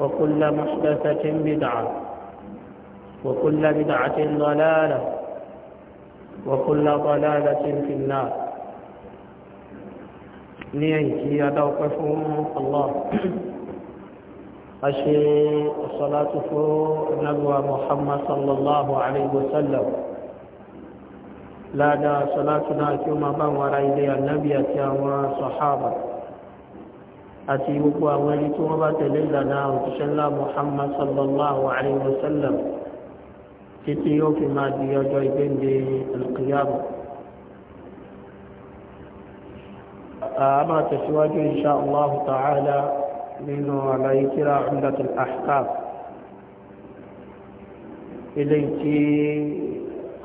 وكل محدثة بدعة وكل بدعة ضلالة وكل ضلالة في النار لينكي أدوقفهم الله أشي الصلاة فوق نبوى محمد صلى الله عليه وسلم لا دا صلاتنا كما بان ورأي النبي كما صحابه àti gbogbo àwọn ẹni tí wọ́n bá tẹ̀lé ìlànà òjíṣẹ́ ńlá Muhammad sallallahu alayhi wa sallam títí yóò fi máa di ọjọ́ ìgbéǹde alqiyama. a máa tẹ̀síwájú insha Allah ta'ala nínú àlàyé kíra Umdatul Ahkam ilé tí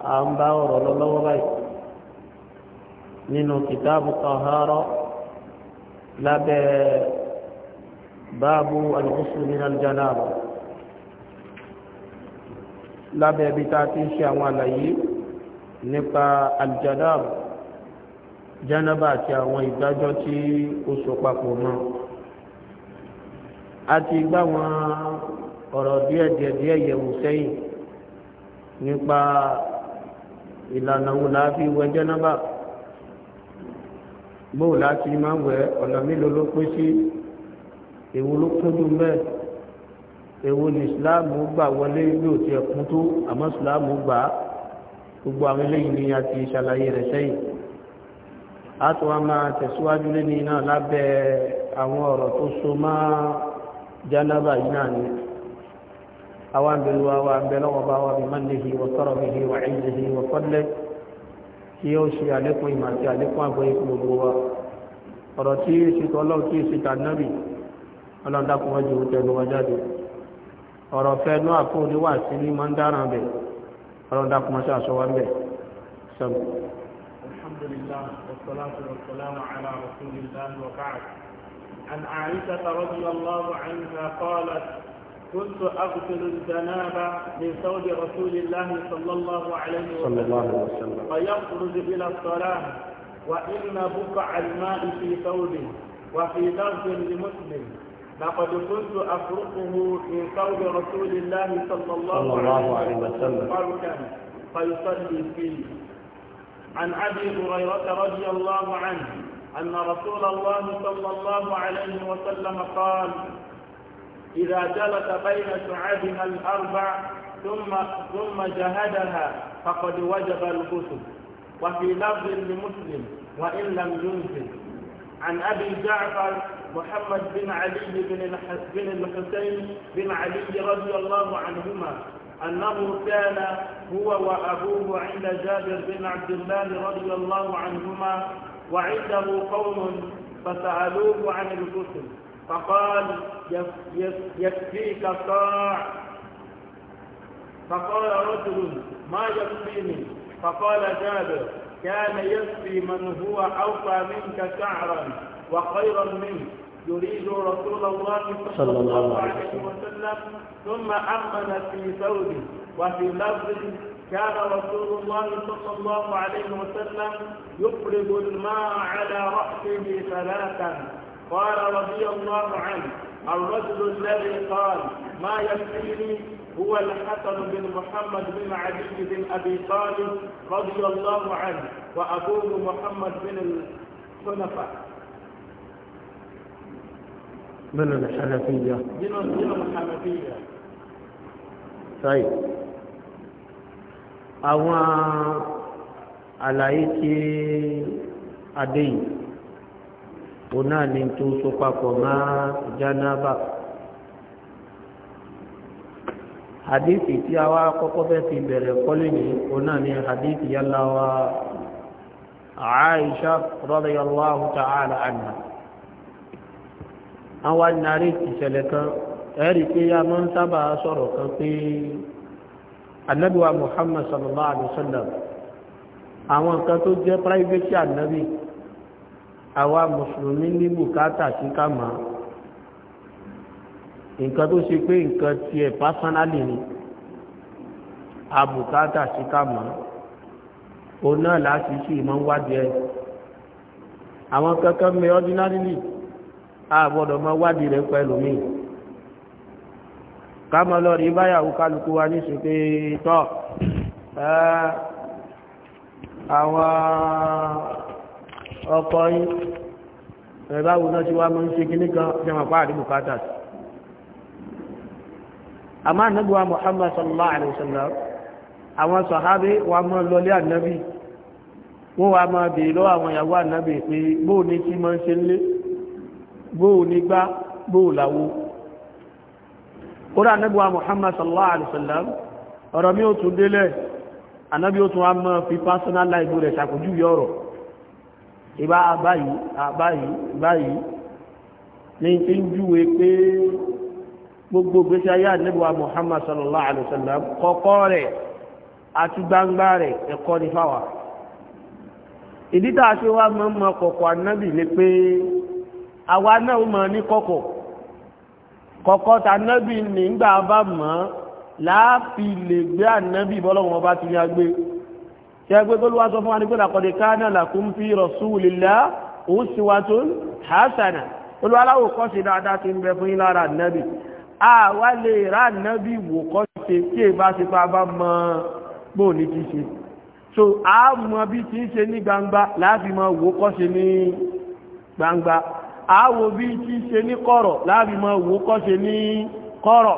a ń bá ọ̀rọ̀ lọ́wọ́ báyìí nínú kìtàbù Tahara lábẹ́ báàbù al-ghusl min al-janaba lábẹ́ ibi tá a ti ń ṣe àwọn àlàyé nípa al-janaba janaba àti àwọn ìdájọ́ tí ó so papọ̀ mọ́ a ti gbá wọn ọ̀rọ̀ díẹ̀díẹ̀díẹ̀ yẹ̀wò sẹ́yìn nípa ìlànà wo la fi wẹ̀ janaba bóò láti máa wẹ̀ ọ̀nà mélòó ló pé sí èwo ló kúndú mẹ́ẹ̀ èwo ni ìsìláàmù gbà wọlé bí ò ti ẹ̀kún tó àmọ́ ìsìláàmù gbà gbogbo àwọn eléyìí ni a ti ṣàlàyé rẹ̀ sẹ́yìn a tún wá máa tẹ̀síwájú lẹ́ni náà lábẹ́ àwọn ọ̀rọ̀ tó so mọ́ jánábà yìí náà ni àwọn àbẹ̀lú wa àbẹ̀lọ́wọ́ bá wa bí mọ́lẹ́hì wọ́kọ́rọ̀ bíi wàhíìlẹ́hì wọ́kọ́lẹ́hì kí ó ṣe àlékún ìmọ̀ àti àlékún àgbọ́yé fún gbogbo wa ọ̀rọ̀ tí ìṣètò ọlọ́run tí ìṣètò ànábì ọlọ́run dákun wọ́n ju tẹnu wọn jáde ọ̀rọ̀ fẹ́nu àfún oníwà sí ní máa ń dára bẹ̀ ọlọ́run dákun wọ́n ṣàṣọ wa bẹ̀ sọ́mu. alhamdulillah wassalatu wassalamu ala rasulillah wa ba'd an Aisha radiyallahu anha qalat كنت أغسل الجنابة من ثوب رسول الله صلى الله عليه وسلم, صلى فيخرج إلى الصلاة وإن بقع الماء في ثوبه وفي لفظ لمسلم لقد كنت أفرقه من ثوب رسول الله صلى الله, صلى الله عليه وسلم فركا فيصلي فيه عن أبي هريرة رضي الله عنه أن رسول الله صلى الله عليه وسلم قال إذا جلس بين شعابها الأربع ثم ثم جهدها فقد وجب الغسل وفي لفظ لمسلم وإن لم ينزل عن أبي جعفر محمد بن علي بن بن الحسين بن علي رضي الله عنهما أنه كان هو وأبوه عند جابر بن عبد الله رضي الله عنهما وعنده قوم فسألوه عن الغسل فقال يكفيك صاع فقال رجل ما يكفيني فقال جابر كان يكفي من هو أوفى منك شعرا وخيرا منك يريد رسول الله صلى الله عليه وسلم ثم أمن في ثوبه وفي لفظه كان رسول الله صلى الله عليه وسلم يفرض الماء على رأسه ثلاثا قال رضي الله عنه الرجل الذي قال ما يكفيني هو الحسن بن محمد بن علي بن أبي طالب رضي الله عنه وأبوه محمد بن الحنفاء من الحنفية من الحنفية طيب àwọn àlàyé tí adéyìn òun náà ni tó so papọ̀ mọ́ jánábà hadithi tí a wá kọ́kọ́ fẹ́ fi bẹ̀rẹ̀ kọ́lé ní òun náà ni hadithi yálà wa Aisha radiyallahu ta'ala anha àwọn ìnarí ìṣẹ̀lẹ̀ kan ẹ̀rí pé a mọ́ ń sábà sọ̀rọ̀ kan pé anábíwa Muhammad sallallahu alaihi wasallam àwọn kan tó jẹ́ private annabi àwa mùsùlùmí ní bùkátà sí ká mọ̀ nǹkan tó ṣe pé nǹkan tiẹ̀ pásánálì ni a bùkátà sí ká mọ̀ òun náà láti ṣe ìmọ̀ ń wádìí ẹ̀ àwọn kankan mẹ́ ordinarily a gbọ́dọ̀ mọ wádìí rẹ̀ pẹ̀lú mi ká mọ báyàwó kálukú wa ní ṣe pé tọ́ àwọn ọkọ̀ yín ẹ̀bá wo náà ti wá mọ́ ń ṣe kí nìkan jẹun àpá àdìbò kátà sí àmá ànábíwá Muhammad sallallahu alaihi wasallam àwọn sàhábé wa mọ́ lọlé ànábí wọ́n wá máa bèèrè lọ́wọ́ àwọn ìyàwó ànábí pé bóò ní kí mọ́ ṣe lé bóò ní gbá bóò láwó Muhammad sallallahu alaihi wasallam ọ̀rọ̀ mi ò tún délẹ̀ ànábí ó tún wá mọ́ fi personal life rẹ̀ ṣàkójú yọ̀rọ̀ ìbá báyìí àbáyìí báyìí ní tí ń júwe pé gbogbo gbésí ayé àdébùwà Muhammad sallallahu alaihi wasallam kọ̀kọ́ rẹ̀ àti gbangba rẹ̀ ẹ̀kọ́ ní fáwà ìdí tá a ṣe wá mọ́ mọ́ kọ̀kọ̀ ànábì ni pé àwa náà mọ̀ ní kọ̀kọ̀ kọ̀kọ̀ tànábì nígbà bá mọ́ láàfi lè gbé ànábì bọ́lọ́wọ́n bá ti yá gbé ṣẹgbẹ́ tó lúwá sọ fún wa ní pé laqad kana lakum fi rasulillahi uswatun hasana olúwaláwò kọ́ sí dáadáa ti ń bẹ fún yín lára nẹ́bì àwa lè rà nẹ́bì wò kọ́ ṣe kí èbá ti pa bá mọ bò ní ti ṣe so a mọ bí ti ń ṣe ní gbangba láàfin mọ wò kọ́ ṣe ní gbangba a wo bí ti ṣe ní kọ̀rọ̀ láàfin mọ wò kọ́ ṣe ní kọ̀rọ̀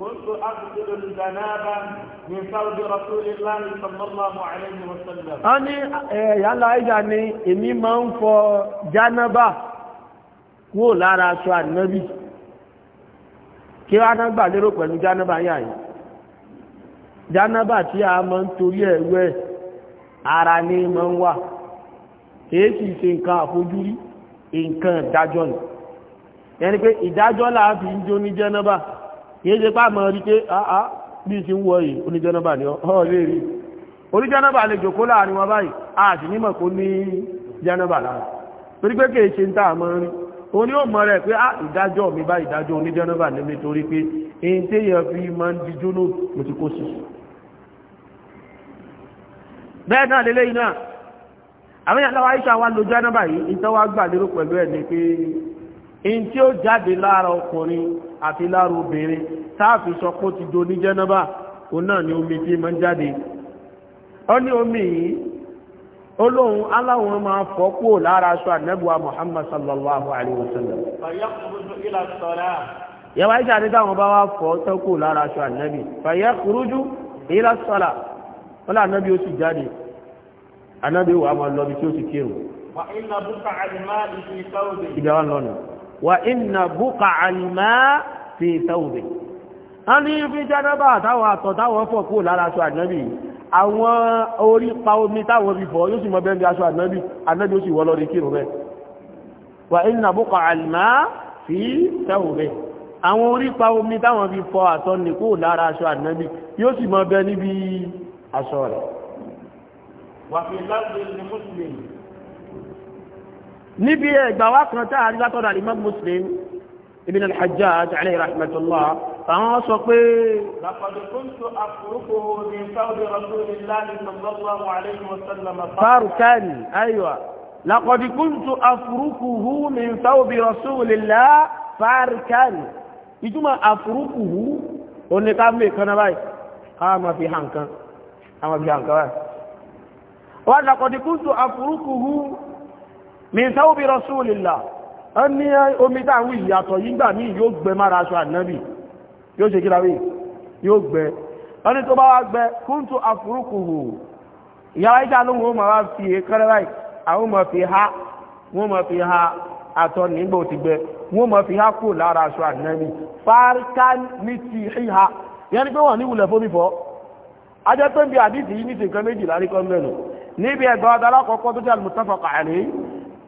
كنت أغسل الجنابة من ثوب رسول الله صلى الله عليه وسلم أني يلا إذا إني ما أنفو جنابة kúrò lára aṣọ ànábì kí wá lérò pẹ̀lú jánàbà yà yìí jánàbà tí a mọ́ ń torí ẹ̀wẹ́ ara ní máa ń wà ṣe nǹkan àfojúrí nǹkan ìdájọ́ ni ẹni pé ìdájọ́ jó ní kìí ṣe pá mọ̀ rí pé àá ah, ah, bí i ti ń wọ yìí oníjẹ́nàbà ni ọ́ lè rí oníjẹ́nàbà lè jòkó láàrin wọn báyìí àti nímọ̀ kó ní jẹ́nàbà lára torí pé kìí ṣe ń tà mọ́ rí o ní ó mọ̀ rẹ̀ pé ah, ìdájọ́ mi bá ìdájọ́ oníjẹ́nàbà níbi torí pé èyí tí in tí ó jáde lára ọkùnrin àti lára obìnrin sọ ti do oníjẹ́nàbà òun náà ni omi tí máa ń jáde ọ ní omi yìí olóhun aláwọn máa fọ́ kúrò lára aṣọ Muhammad sallallahu wa sallam. táwọn bá wá fọ́ kúrò lára aṣọ ànẹ́bì fàyẹ́ kúrújú ila sọ́là wọ́n lé ànẹ́bì ó sì jáde ànẹ́bì wà máa lọ bí tí ó sì kírun. wà á ìgbà lọ́nà. wà iná búkà àlìmá fi tẹ́wùbẹ̀ a ní fi jẹ́nàbà àtàwọn àtọ̀ táwọn fọ̀ kúrò lára aṣọ ànábì àwọn orí pa omi táwọn fi fọ̀ yóò sì mọ́ bẹ́ẹ̀ bí aṣọ ànábì ànábì ó sì wọ́ lọ́rí kírun rẹ̀ wà iná búkà àlìmá fi tẹ́wùbẹ̀ àwọn orí pa omi táwọn fi fọ̀ àtọ̀ ní kúrò lára aṣọ ànábì yóò sì mọ́ bẹ́ẹ̀ níbi aṣọ rẹ̀ wà fi láti ní níbi ẹgbà wá kan tá a rí látọ̀dọ̀ àlìmọ́ muslim ibn al-hajjaj alayhi rahmatullah àwọn sọ pé. làkọ̀dé kúntù àfúrúkú ní sáwùdí rasulillahi sallallahu alayhi wa sallam. farukan ayiwa làkọ̀dé kúntù àfúrúkú ní sáwùdí rasulillahi farukan ìtumọ̀ àfúrúkú òní ká mú ìkànnà báyìí ká máa fi hàn kan àwọn fi hàn kan wọ́n làkọ̀dé kúntù àfúrúkú min tawbi rasulillah a ní omi dáwọn ìyàtọ̀ yígbà yigba yóò gbẹ mára aṣọ ànábì yóò ṣe kíláwé yóò gbẹ ọdún to bá wá gbẹ kuntu àfúrúkùhù ìyára ma fi èkẹrẹ láì àwọn fi ha ma fi ha ato n'igba ó ti gbẹ ma fi ha ku lara aṣọ ànábì fáríkán ní ti ha yẹni pé wọ́n ní wulẹ̀ fo fọ́ ajẹ́ tó ń bi àdìsí yìí ní ti nǹkan méjì lárí mẹ́nu níbi ẹ̀gbọ́n tó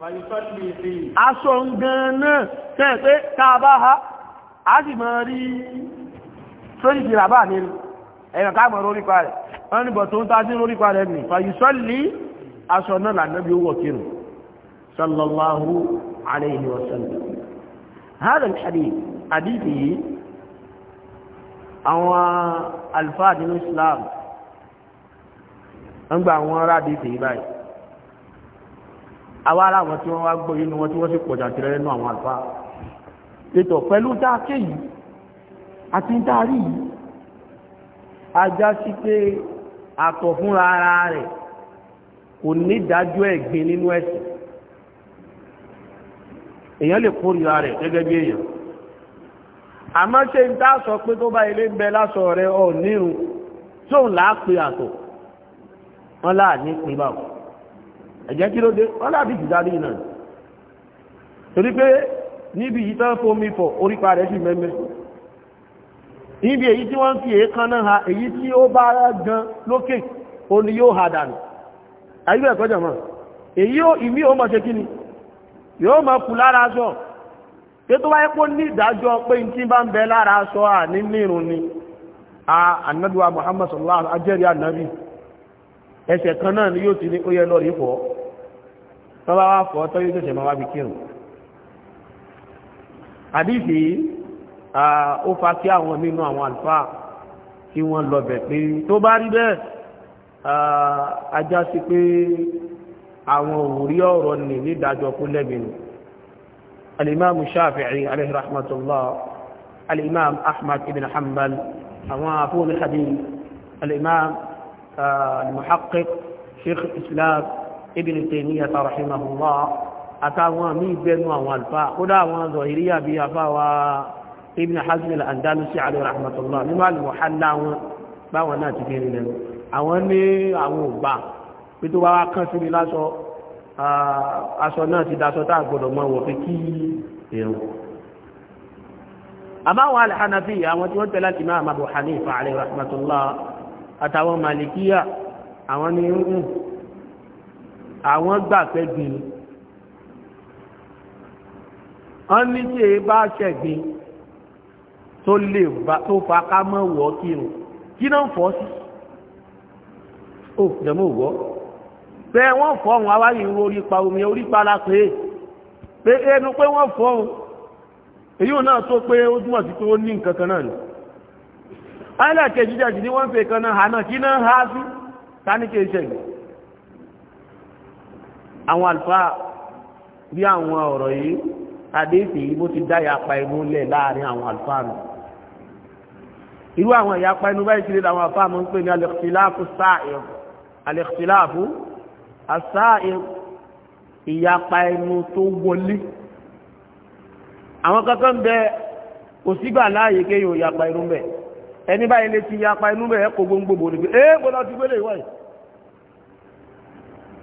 aṣọ gan náà tẹ́ pé káàbá ha a sì mọ́ rí sórí ti ràbá ní ẹ̀yàn káàmọ̀ rórípa rẹ̀ wọ́n ní bọ̀ tó ń tá sí rórípa rẹ̀ nì fàyíṣọ́lì aṣọ náà lànàbí owó kírùn sallallahu alayhi àwa ara àwọn tí wọ́n wá gbọ́ inú wọn tí wọ́n sì pọ̀jà tirẹ̀ nínú àwọn àlùfáà ètò pẹ̀lú dáké yìí àti ń darí yìí ajá sí pé àtọ̀ fúnra ara rẹ̀ kò ní ìdájọ́ ẹ̀gbin nínú ẹ̀sìn èèyàn lè kórìíra rẹ̀ gẹ́gẹ́ bí èèyàn àmọ́ ṣe ń dá sọ pé tó bá ilé ń bẹ lásọ rẹ̀ ọ̀ nírun tóun láà pé àtọ̀ wọn láà ní pín ẹ̀jẹ̀ kí ló dé wọ́n láti ìdárí náà torí pé níbi yìí tán fọ̀ orípa rẹ̀ sí mẹ́mẹ́ níbi èyí tí wọ́n fi èékan náà ha èyí tí ó bá gan lókè o ni yóò ìmí ó mọ̀ ṣe kí ni yóò mọ̀ kù lára pé tó wáyé pó ní ìdájọ́ pé tí bá ń bẹ lára à ní nírun ni a sallallahu alaihi ẹsẹ̀ kan náà tó bá wá fọ́ tọ́jú tó ṣẹ̀mọ́ wá fi kírun àdìsí ó fa kí àwọn nínú àwọn àlùfáà kí wọ́n lọ bẹ̀ pé tó bá rí bẹ́ẹ̀ ajá sí pé àwọn òwúrí ọ̀rọ̀ nì nídàájọ́ kú lẹ́bìnrin الإمام الشافعي عليه رحمة الله الإمام أحمد بن حنبل أوافون الحديث الإمام المحقق شيخ الإسلام Ibn Taymiyyah rahimahullah àtàwọn mí gbẹnu àwọn alfa ó dá àwọn zọ̀hìríyà bí afáwa Ibn Hazm al-Andalusi alayhi rahmatullah nínú al-Muhalla wọn báwọn náà ti fi rí lẹ́nu àwọn ní àwọn ògbà pé tó wá kán sí mi lásọ aṣọ náà ti dáṣọ tá àgbọ̀dọ̀ mọ́ wọ̀ fi kí èrò àbáwọn al-Hanafi àwọn tí wọ́n tẹ̀lé láti máa Abu Hanifa alayhi rahmatullah àtàwọn malikiya àwọn ní àwọn gbà pé gbìn wọ́n ní tí èyí bá ṣẹ̀gbìn tó lè tó fa ká mọ́ wọ́ kírun kí náà fọ́ sí ó jẹ́mọ́ wọ́ pé wọ́n fọ́ wọn awáyé orí pa omi orí pa la pé pé ẹnu pé wọ́n fọ́ wọn èyí ò náà tó pé ó túnmọ̀ sí pé ó ní nǹkan kan náà ni alákejì jẹ́ jì ní wọ́n fẹ́ kan náà hànà kí náà há sí táníkè ṣẹ̀gbìn àwọn àlùfáà bí àwọn ọ̀rọ̀ yìí àdéhìsì yìí bó ti dá ìyapa inú lẹ̀ láàrin àwọn àlùfáà nù irú àwọn ìyapa inú báyìí kiri làwọn àlùfáà mọ̀ ń pè ní al-ikhtilafu as-sa'ir al-ikhtilafu as-sa'ir ìyapa inú tó wọlé àwọn kankan bẹ òsígbà láàyè kéèyàn ìyapa inú bẹ̀ ẹni báyìí lè ti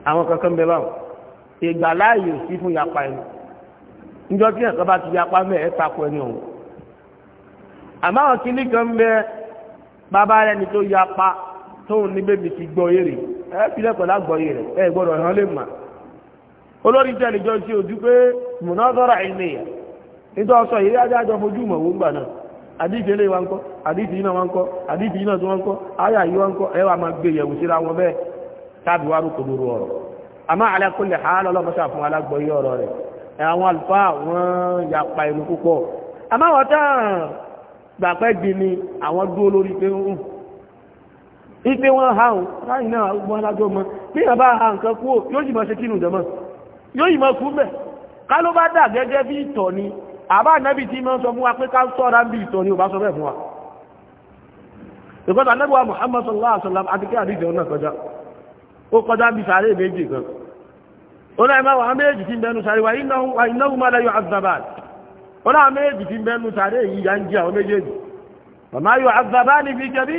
àwọn kankan bẹ báwọn ìgbà láàyè sí fún yapa ẹni níjọ́ tí ẹ̀ka bá ti yapa mẹ́ẹ̀ ẹ́ takò ẹni ọ̀hún àmọ́ àwọn kìíní kan bẹ bàbá rẹ̀ ni tó yapa tóun ní bébí ti gbọ́ eré ẹ fi lẹ́kọ̀ọ́ lágbọ́yé rẹ̀ ẹ gbọ́dọ̀ hàn lè mà olórí tẹ̀ níjọ́ sí ojú pé nítorí yìí fojú gbà náà wa ń iná wa ń iná ń wa ń ẹ wà máa gbé àmọ́ alákòlè ha lọ́lọ́mọ́sá fún alágbọ̀yé ọ̀rọ̀ rẹ̀ àwọn àlùfáà wọ́n yapa inú púpọ̀ àmọ́ wọ́n tán gbàpẹ́ di ni àwọn dúró lórí pé ń ipe wọ́n ha ń ráyìn náà gbọ́n alájọ́ mọ́ bí i bá ha nǹkan kú yóò yìí mọ́ sí kínú ìdẹ́mọ́ yóò yìí mọ́ kú mẹ́ ká ló bá dà gẹ́gẹ́ bí ìtọ̀ ni ó kọjá bí sàárè méjì kan ó náà máa wà á méjì tí ń bẹnu sàárè wà ináwó máa láyọ̀ azabad ó náà méjì tí ń bẹnu sàárè yìí yà ń jẹ àwọn méjèèjì màmá yọ azabad fi kẹbí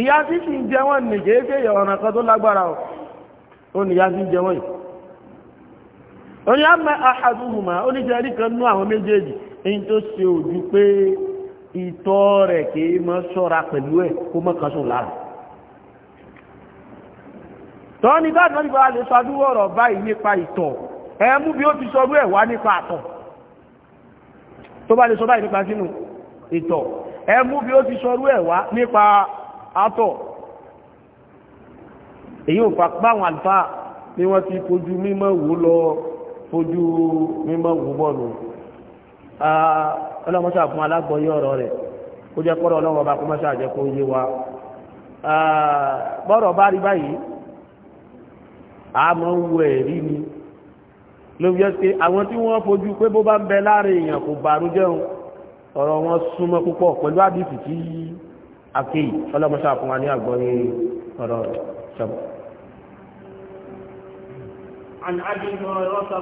ìyá tí sì ń jẹ wọn nì kéèké ọ̀nà kan tó lágbára o ó ní ìyá tí ń jẹ wọn yìí ó ní àmà àhàdùnmùmá ó ní jẹ́rí kan nú àwọn méjèèjì èyí tó ṣe òjú pé ìtọ̀ rẹ̀ kì mọ́ ṣọ́ra pẹ̀lú ẹ̀ kó mọ́ kan sùn lára tọ́ ní bá tọ́jú bá lè sọdúrú ọ̀rọ̀ báyìí nípa ìtọ̀ ẹ mú bí ó ti sọrú ẹ̀ wá nípa àtọ̀ tó bá lè sọ báyìí nípa sínú ìtọ̀ ẹ mú bí ó ti sọrú ẹ̀ wá nípa àtọ̀ èyí ò pàpá àwọn àlùfáà ni wọ́n ti fojú mímọ́ wò lọ fojú mímọ́ wò bọ́ọ̀lù ọlọ́mọṣà fún alágbọ̀nyé ọ̀rọ̀ rẹ̀ ó jẹ́ kọ́rọ̀ ọlọ́wọ́ bá kọ́mọṣà jẹ́ kó yé wa bọ́rọ̀ bá rí báyìí àmọ́ ń wo ẹ̀rí ni ló fi jẹ́ àwọn tí wọ́n fojú pé bó bá ń bẹ láàrin èèyàn kò bàrú jẹun ọ̀rọ̀ wọn súnmọ́ púpọ̀ pẹ̀lú àdìsí tí akéyì ọlọ́mọṣà fún wa ní àgbọ́yé ọ̀rọ̀ ṣọ́bọ̀.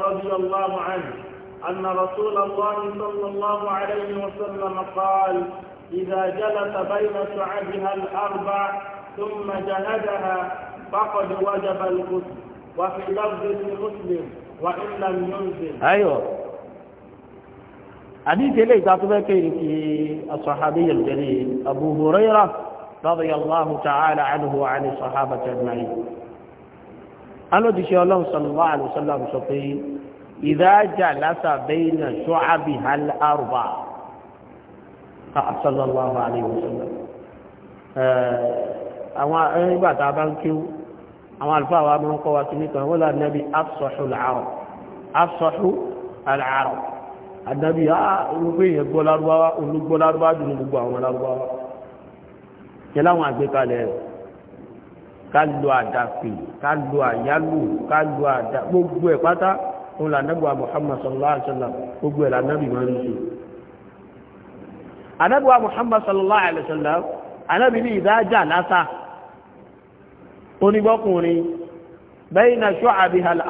رضي الله عنه أن رسول الله صلى الله عليه وسلم قال إذا جلس بين شعبها الأربع ثم جهدها فقد وجب الغسل وفي لفظ مسلم وإن لم ينزل أيوه حديث إليه تعتبر الصحابي الجليل أبو هريرة رضي الله تعالى عنه وعن الصحابة أجمعين قالوا دي الله صلى الله عليه وسلم سطي إذا جلس بين شعبها الأربع صلى الله عليه وسلم àwọn ẹgbàtà bá ń kíw àwọn àlùfáà wa máa ń kọ́ wa sí nípa wọ́n lọ ànábì afṣọ́ṣù làárọ̀ afṣọ́ṣù àlàárọ̀ ànábì ah, olùgbé yẹn gbọ́ lárúbáwá olùgbọ́ lárúbáwá dùn gbogbo àwọn lárúbáwá yẹn láwọn àgbékalẹ̀ rẹ̀ ká lo àdàpè ká lo àyálò ká lo àdà gbogbo ẹ̀ pátá òun lànàbì wa Muhammad sallallahu alaihi wa sallam gbogbo ẹ̀ lànàbì máa ń ṣe ànàbì Muhammad sallallahu alaihi wa sallam ànàbì ní ìdájà lásà onígbọ́kùnrin bẹ́yìn náà ṣọ́ àbíhàl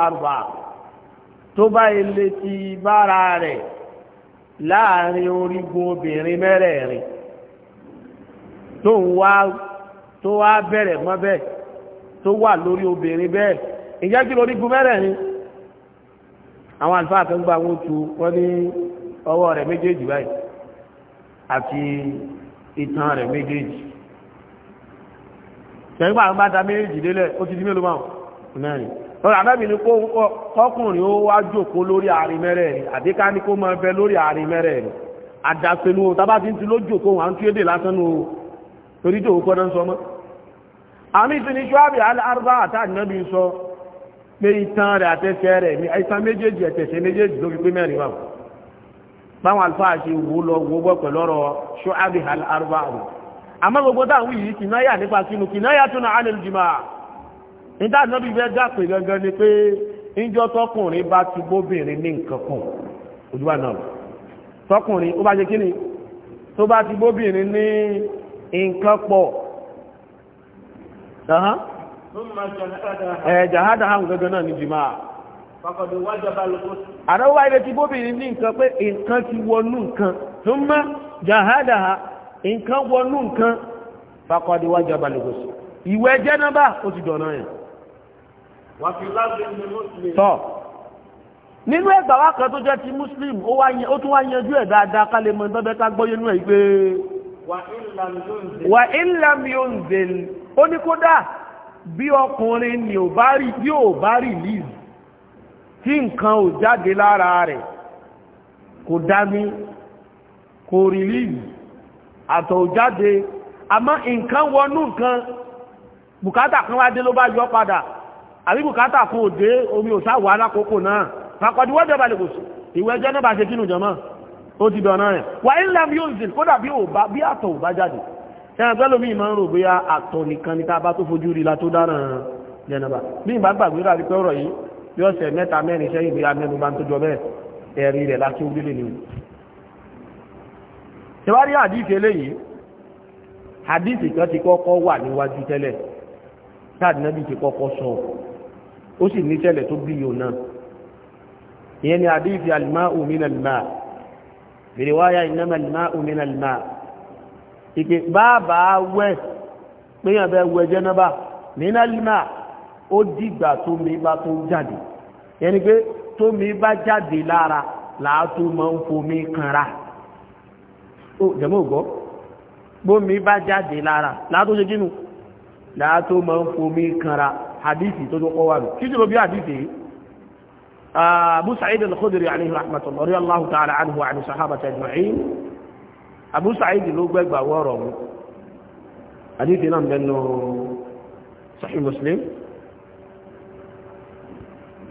tó bá ilé ti bára rẹ̀ láàrin orígun obìnrin mẹ́rẹ̀ẹ̀rin tó ń wá tó wá bẹ̀rẹ̀ mọ́ bẹ́ẹ̀ tó wà lórí obìnrin bẹ́ẹ̀ ìjẹ́ kí lórígun àwọn gba wọn tu wọ́n ní ọwọ́ rẹ̀ méjèèjì báyìí àti itan rẹ̀ méjèèjì tẹ̀yìn pàrọ̀ bá da méjì délẹ̀ ó ti di mélòó máa mẹ́rin lọ́rọ̀ àdábì ni kọkùnrin ó wá jòkó lórí àárín mẹ́rẹ̀ ni àdíká ní kó máa bẹ lórí àárín mẹ́rẹ̀ ni àdàpẹ̀lú ohun tábà ti ń ti lójòkó wọn à ń tú èdè lásán nù torí jòkó kọ́ náà sọ mọ́ àmì ìsinmi ṣọ́àbì alárúbá àtàdínábì sọ pé itan rẹ̀ àtẹsẹ̀ rẹ̀ ní itan méjèèjì àmọ́ gbogbo yìí kìnnáyà nípa sínú kìnnáyà tó náà dápè gangan ni pé tọkùnrin bá ti ní nǹkan kan náà tọkùnrin ó bá tó bá ti ní nǹkan pọ̀ jàhádà hàn gangan náà ní jìmá àdáwọ̀ ilẹ̀ ti bóbìnrin ní nǹkan pé nǹkan ti wọnú tó mọ́ jàhádà nǹkan wọnú nǹkan fakọ́dé wájú abalẹ̀gọ́sì ìwẹ̀ jẹ́nàbà ó ti dọ̀nà yẹn. tọ́ nínú ẹgbà wa kan tó jẹ́ ti muslim ó tún wá yanjú ẹ̀ dáadáa ká lè mọ ẹgbẹ́ ká gbọ́ ẹ̀ pé wà ìlàm ó ní kódà bí ọkùnrin ni ò bá rí bí ò bá rí liz tí nǹkan ò àtọ̀jáde àmọ́ nǹkan wọnú nǹkan bùkátà kan wá dé ló bá yọ padà àbí bùkátà kan ò dé omi ò sáwọ̀ alákòókò náà fàkọ̀dí wọ́n jọba lè kò sí ìwé ẹjọ́ náà bá ṣe kínú jọmọ́ ó ti dọ̀nà rẹ̀ wà ń lam yóò zìn kódà bí àtọ̀ ò bá jáde ẹran pẹ́lú mi máa ń rò bóyá àtọ̀ nìkan ni tá a bá tó fojú rí la tó dára jẹnaba bí ìgbà gbàgbé rà rí pé ọ̀rọ̀ yìí bí ọ̀sẹ̀ mẹ́ta mẹ́rin sẹ́yìn bí amẹ́nu bá ń tó jọ bẹ́ẹ̀ ẹ̀rí rẹ̀ láti ó gbélé ni tẹwárí àdìsí eléyìí àdìsí kan ti kọ́kọ́ wà níwájú tẹ́lẹ̀ táàdì náà bí ti kọ́kọ́ sọ ó sì ní tẹ́lẹ̀ tó bí yòó náà ìyẹn ni àdìsí al-ma'u min al-ma' bi riwaya innama al-ma'u min ìpè bàbá wẹ̀ péyàn bẹ wẹ̀ jẹ́nàbà min al-ma' ó dìgbà tómi bá tó jáde ìyẹn ni pé tómi bá jáde lára làá tó máa ń fomi kanra ó jẹ̀mọ́ ògbọ́ bómi bá jáde lára látó ṣe kínú látó máa ń fomi kanra hadithi tó tó kọ́ wà rẹ̀ kí jùlọ bí hadithi abu sa'id al-khudri alayhi rahmatullahi radiyallahu ta'ala anhu wa an sahabati ajma'in abu sa'id ló gbẹ́gbà wọ́rọ̀ mu hadithi náà bẹnu sahih muslim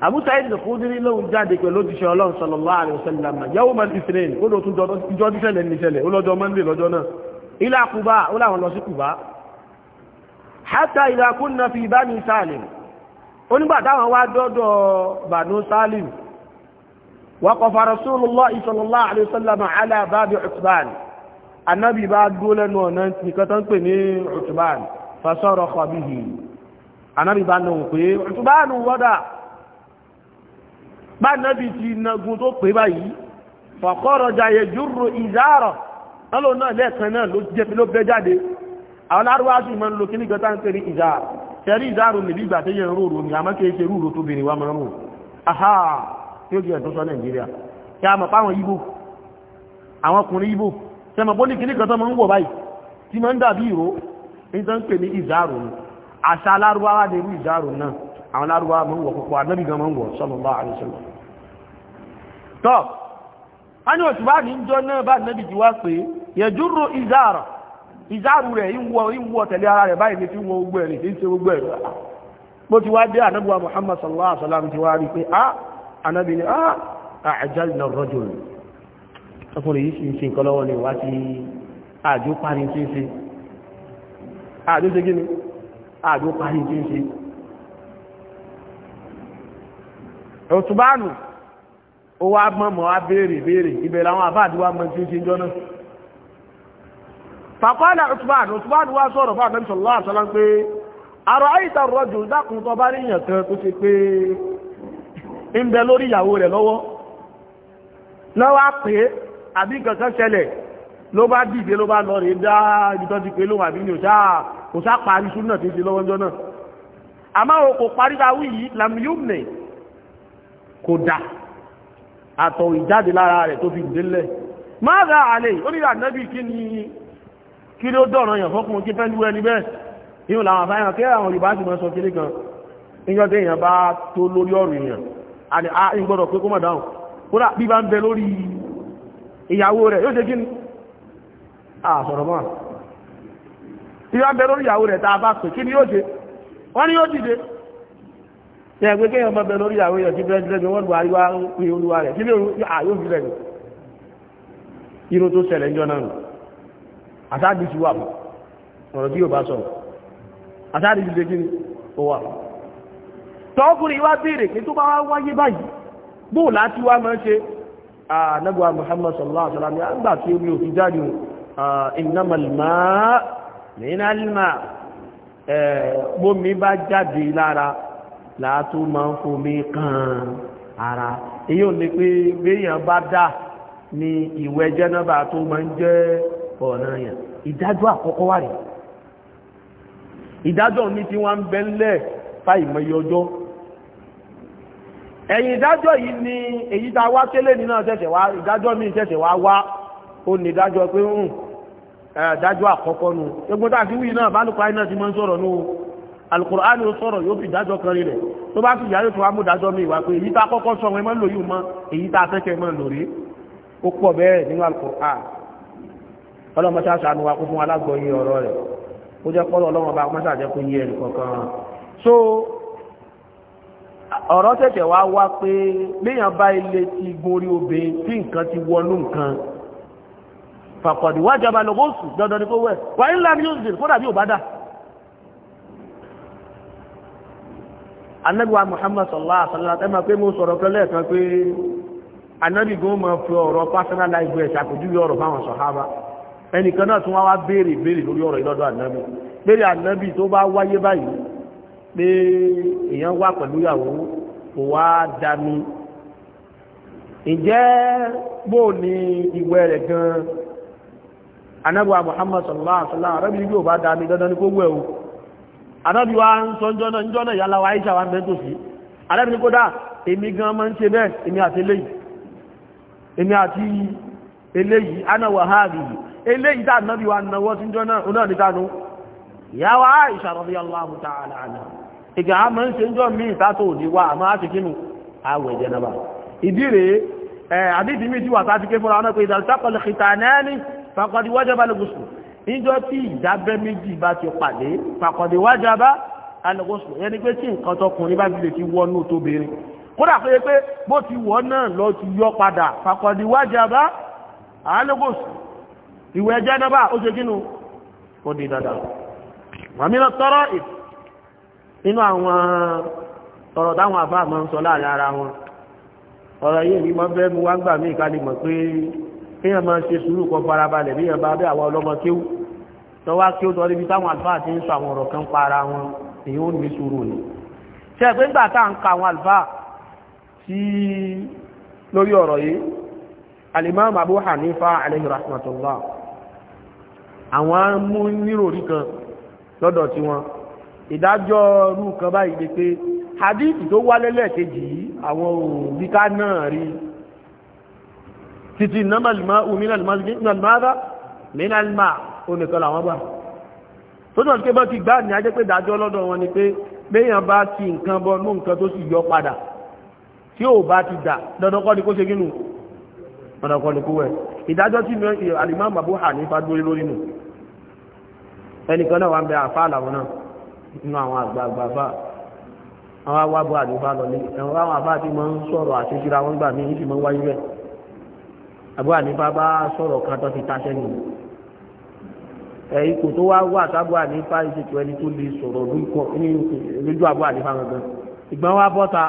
Abu Sa'id al-Khudri lóhun jáde pẹ̀lú òjíṣẹ́ Ọlọ́run sallallahu alaihi wasallam yawm al-ithnain ó lọ tún ìjọ tí ṣẹlẹ̀ ní ṣẹlẹ̀ ó lọ́jọ́ monday lọ́jọ́ náà ilá Kùbá ó láwọn lọ sí Kùbá hatta idha kunna fi Bani Salim onígbà táwọn wá dọ́dọ̀ Banu Salim waqafa Rasulullahi sallallahu alaihi wasallam ala babi Uthman anábì bá dúó lẹ́nu ọ̀nà nìkan tó ń pè ní Uthman fasarakha bihi anábì bá náà pé Uthman wọ́dà bá nábi ti nagun tó pé báyìí fọ̀kọ́rọ̀jà yẹjúrò ìzárọ̀ lọ́lọ́ náà lẹ́ẹ̀kan náà ló jẹ́ ló bẹ́ jáde àwọn lárúwá sì máa ń lo kíní gọta ń pè ní ìzárọ̀ tẹ̀rí ìzárọ̀ níbi ìgbà tó yẹ rúurú ni àmọ́ kìí ṣe rúurú tó bìnrin wa máa ń rò aha tí ó jẹ́ tó sọ nàìjíríà kí a mọ̀ páwọn ibo àwọn ọkùnrin ibo ṣe mọ̀ pólí kíní gọta máa ń wọ̀ báyìí tí máa ń dàbí ìró ní tó pè ní ìzárọ̀ ni àṣà lárúwá wá dé irú ìzárọ̀ náà àwọn lárúwá máa ń wọ̀ púpọ̀ àdébìgan máa ń wọ̀ sallallahu alaihi wasallam tọ́ ánì òtù bá ní jọ náà bá nẹ́bì ti wá pé yẹjúrò ìzára ìzáàrù rẹ̀ ìwọ tẹ̀lé ara rẹ̀ báyìí fi wọ gbogbo ẹ̀rẹ̀ tí ń ti wá dé Muhammad sallallahu ti wá a ah! ni a àjálìnà rọ́jò rẹ̀ isi ó wá mọ̀mọ̀ wá béèrè béèrè ibẹ̀ làwọn àbáàdì wá mọ̀ tí ó ṣe jọ náà fàkọ́lá Uthman Uthman wá sọ̀rọ̀ fún àdámsọ̀ lọ́wọ́ sọ́lá pé àrọ̀ àìta rọ́jù dákùn tó bá ríyàn kan tó ṣe pé ń bẹ lórí ìyàwó rẹ̀ lọ́wọ́ lọ́wọ́ pé àbí kankan ṣẹlẹ̀ ló kò dáa àtọ̀ ìjáde lára rẹ̀ tó fi délẹ̀ máa dá àlẹ́ onílà nẹ́bí kí ni kí ló dọ̀nà yàn fọ́kùn kí fẹ́ lúwẹ́ níbẹ̀ ihun làwọn àfáyàn kí àwọn Yorùbá ti mọ́ sọ kéré kan níjọ́ tí èèyàn bá tó lórí ọ̀rọ̀ èèyàn àti àyìn gbọ́dọ̀ pé ṣe ẹgbẹ́ kéèyàn máa bẹ lórí àwọn èèyàn tí bẹ́ẹ̀ lẹ́gbẹ̀ẹ́ wọ́n lu àríwá pé olúwa rẹ̀ kí ni ah, yóò fi lẹ́nu irun tó ṣẹlẹ̀ ń jọ náà àtàdì ti wà mọ́ ọ̀rọ̀ tí yóò bá sọ̀rọ̀ àtàdì ti ṣe kí ni ó wà tọ́kùnrin wá béèrè pé tó bá wá wáyé báyìí bóò láti wá máa ń ṣe ah, ànágbà Muhammad sallallahu alaihi wasallam àgbà tí omi ò fi jáde ah, innamal ma'u minal ma' eh, bómi bá jáde lára làátú ma ń fomi kan ara èyí ò ní pé béèyàn bá dà ní ìwẹ̀ jẹ́nàbà tó máa ń ọ̀nà ọ̀ranyàn ìdájọ́ àkọ́kọ́ wà rèé ìdájọ́ ní tí wọ́n ń bẹ ńlẹ̀ fa ìmọ̀ye ọjọ́ ẹ̀yìn ìdájọ́ yìí ni èyí wá tẹ́lẹ̀ nínú wá ìdájọ́ mi wá wá ó ní ìdájọ́ pé ń àkọ́kọ́ a alukur'an ló sọ̀rọ̀ yóò fi dájọ́ kan rí rẹ̀ tó bá ti yàrá ìfowópamọ́ dájọ́ mi wá pé èyí tá a kọ́kọ́ sọ wọn mọ́ lòyún mọ́ èyí tá a fẹ́ kẹ́ mọ́ lòrí ó pọ̀ bẹ́ẹ̀ nínú alukur'an ọlọ́mọ ṣáà ṣàánú wa kó fún alágbọ̀nyé ọ̀rọ̀ rẹ̀ ó jẹ́ pọ́lọ́ ọlọ́mọ bá ọmọ ṣàjẹ́ kó yé ẹnì kankan so ọ̀rọ̀ tẹ̀tẹ̀ wá wá pé léèyàn bá ilé ti gorí obìnrin tí nǹkan ti wọnú nǹkan fàkọ̀dì wájà balẹ̀ ó sùn dandan ni kó wẹ̀ wáyé ńlá ni yóò sì kó dàbí ò bá dà anábíwá muhammad sallallahu alaihi wasallam ẹmà pé mo sọ̀rọ̀ pẹ́ lẹ́ẹ̀kan pé anábì gan máa fi ọ̀rọ̀ personal life rẹ̀ ṣàpèjúwe ọ̀rọ̀ fáwọn sọ̀hábà ẹnìkan náà tún wá wá béèrè béèrè lórí ọ̀rọ̀ ìlọ́dọ̀ anábì béèrè anábì tó bá wáyé báyìí pé èèyàn wà pẹ̀lú dami ǹjẹ́ bó ni ìwẹ̀ rẹ̀ gan anábíwá muhammad sallallahu alaihi wasallam Rabbi yóò ba dami dandan ní kó wẹ̀ o anábí wa ń sọ jọ́nà jọ́nà ìyàlá wa aisha wa ń bẹ́ntò sí anábí ní kódà èmi gan máa ń ṣe bẹ́ẹ̀ èmi àti eléyìí èmi àti eléyìí ana wà ha rí eléyìí tá anábí wa náwọ́ sí jọ́nà onáà ní tánú ìyá wa aisha radiyallahu ta'ala anha ìgbà a máa ń ṣe jọ́ mí ìtàtò òní wa àmọ́ á ti kínú àwẹ̀ jẹnaba ìdí rèé níjọ́ tí ìdábẹ́ méjì bá ti pàdé pàkọ̀dé wájà bá alẹ́kọ̀ọ́sùn ẹni pé tí nǹkan tọkùnrin bá fi lè fi wọnú tóbìnrin kódà pé pé bó ti wọ́ náà lọ ti yọ padà pàkọ̀dé wájà bá alẹ́kọ̀ọ́sùn ìwẹ̀ ẹjẹ́ náà bá ó ṣe kínú ó di dandan wàmínà tọrọ inú àwọn ọ̀rọ̀ táwọn àbá máa ń ni mo fẹ́ mu wá kéèyàn máa ṣe sùúrù kan farabalẹ̀ bí yànbá bí àwọn ọlọ́mọ kéwú tọwá kí ó tọ́ níbi táwọn àlùfáà ti ń sọ àwọn ọ̀rọ̀ kan para wọn èyí ó ní sùúrù ni ṣe pé nígbà tá à ń ka àwọn àlùfáà sí lórí ọ̀rọ̀ yìí alimam abu hanifa alayhi rahmatullah títí nàmà lìmá omi nàlìmáàdá nínà lìmá onìkan àwọn gbà tó tọ́ pé bá ti gbá ní ajẹ́ pé dájọ́ lọ́dọ̀ wọn ni pé béèyàn bá ti nǹkan bọ nú nǹkan tó sì yọ padà tí ò bá ti dà dandankọ́ ni kó ṣe gínú dandankọ́ ni kó wẹ̀ ìdájọ́ tí alimam Abu Hanifa dúró lórí nù ẹnìkan náà wà ń bẹ àfáà làwọn náà nínú àwọn àgbààgbà bá àwọn awábọ̀ àbúrò ànífà bá sọ̀rọ̀ kan tó fi taṣẹ́ nù ẹ ipò tó wá wà sábúrò ànífà ìṣètò ẹni tó lè sọ̀rọ̀ lójú àbúrò ànífà gangan ìgbọ́n wá bọ́ta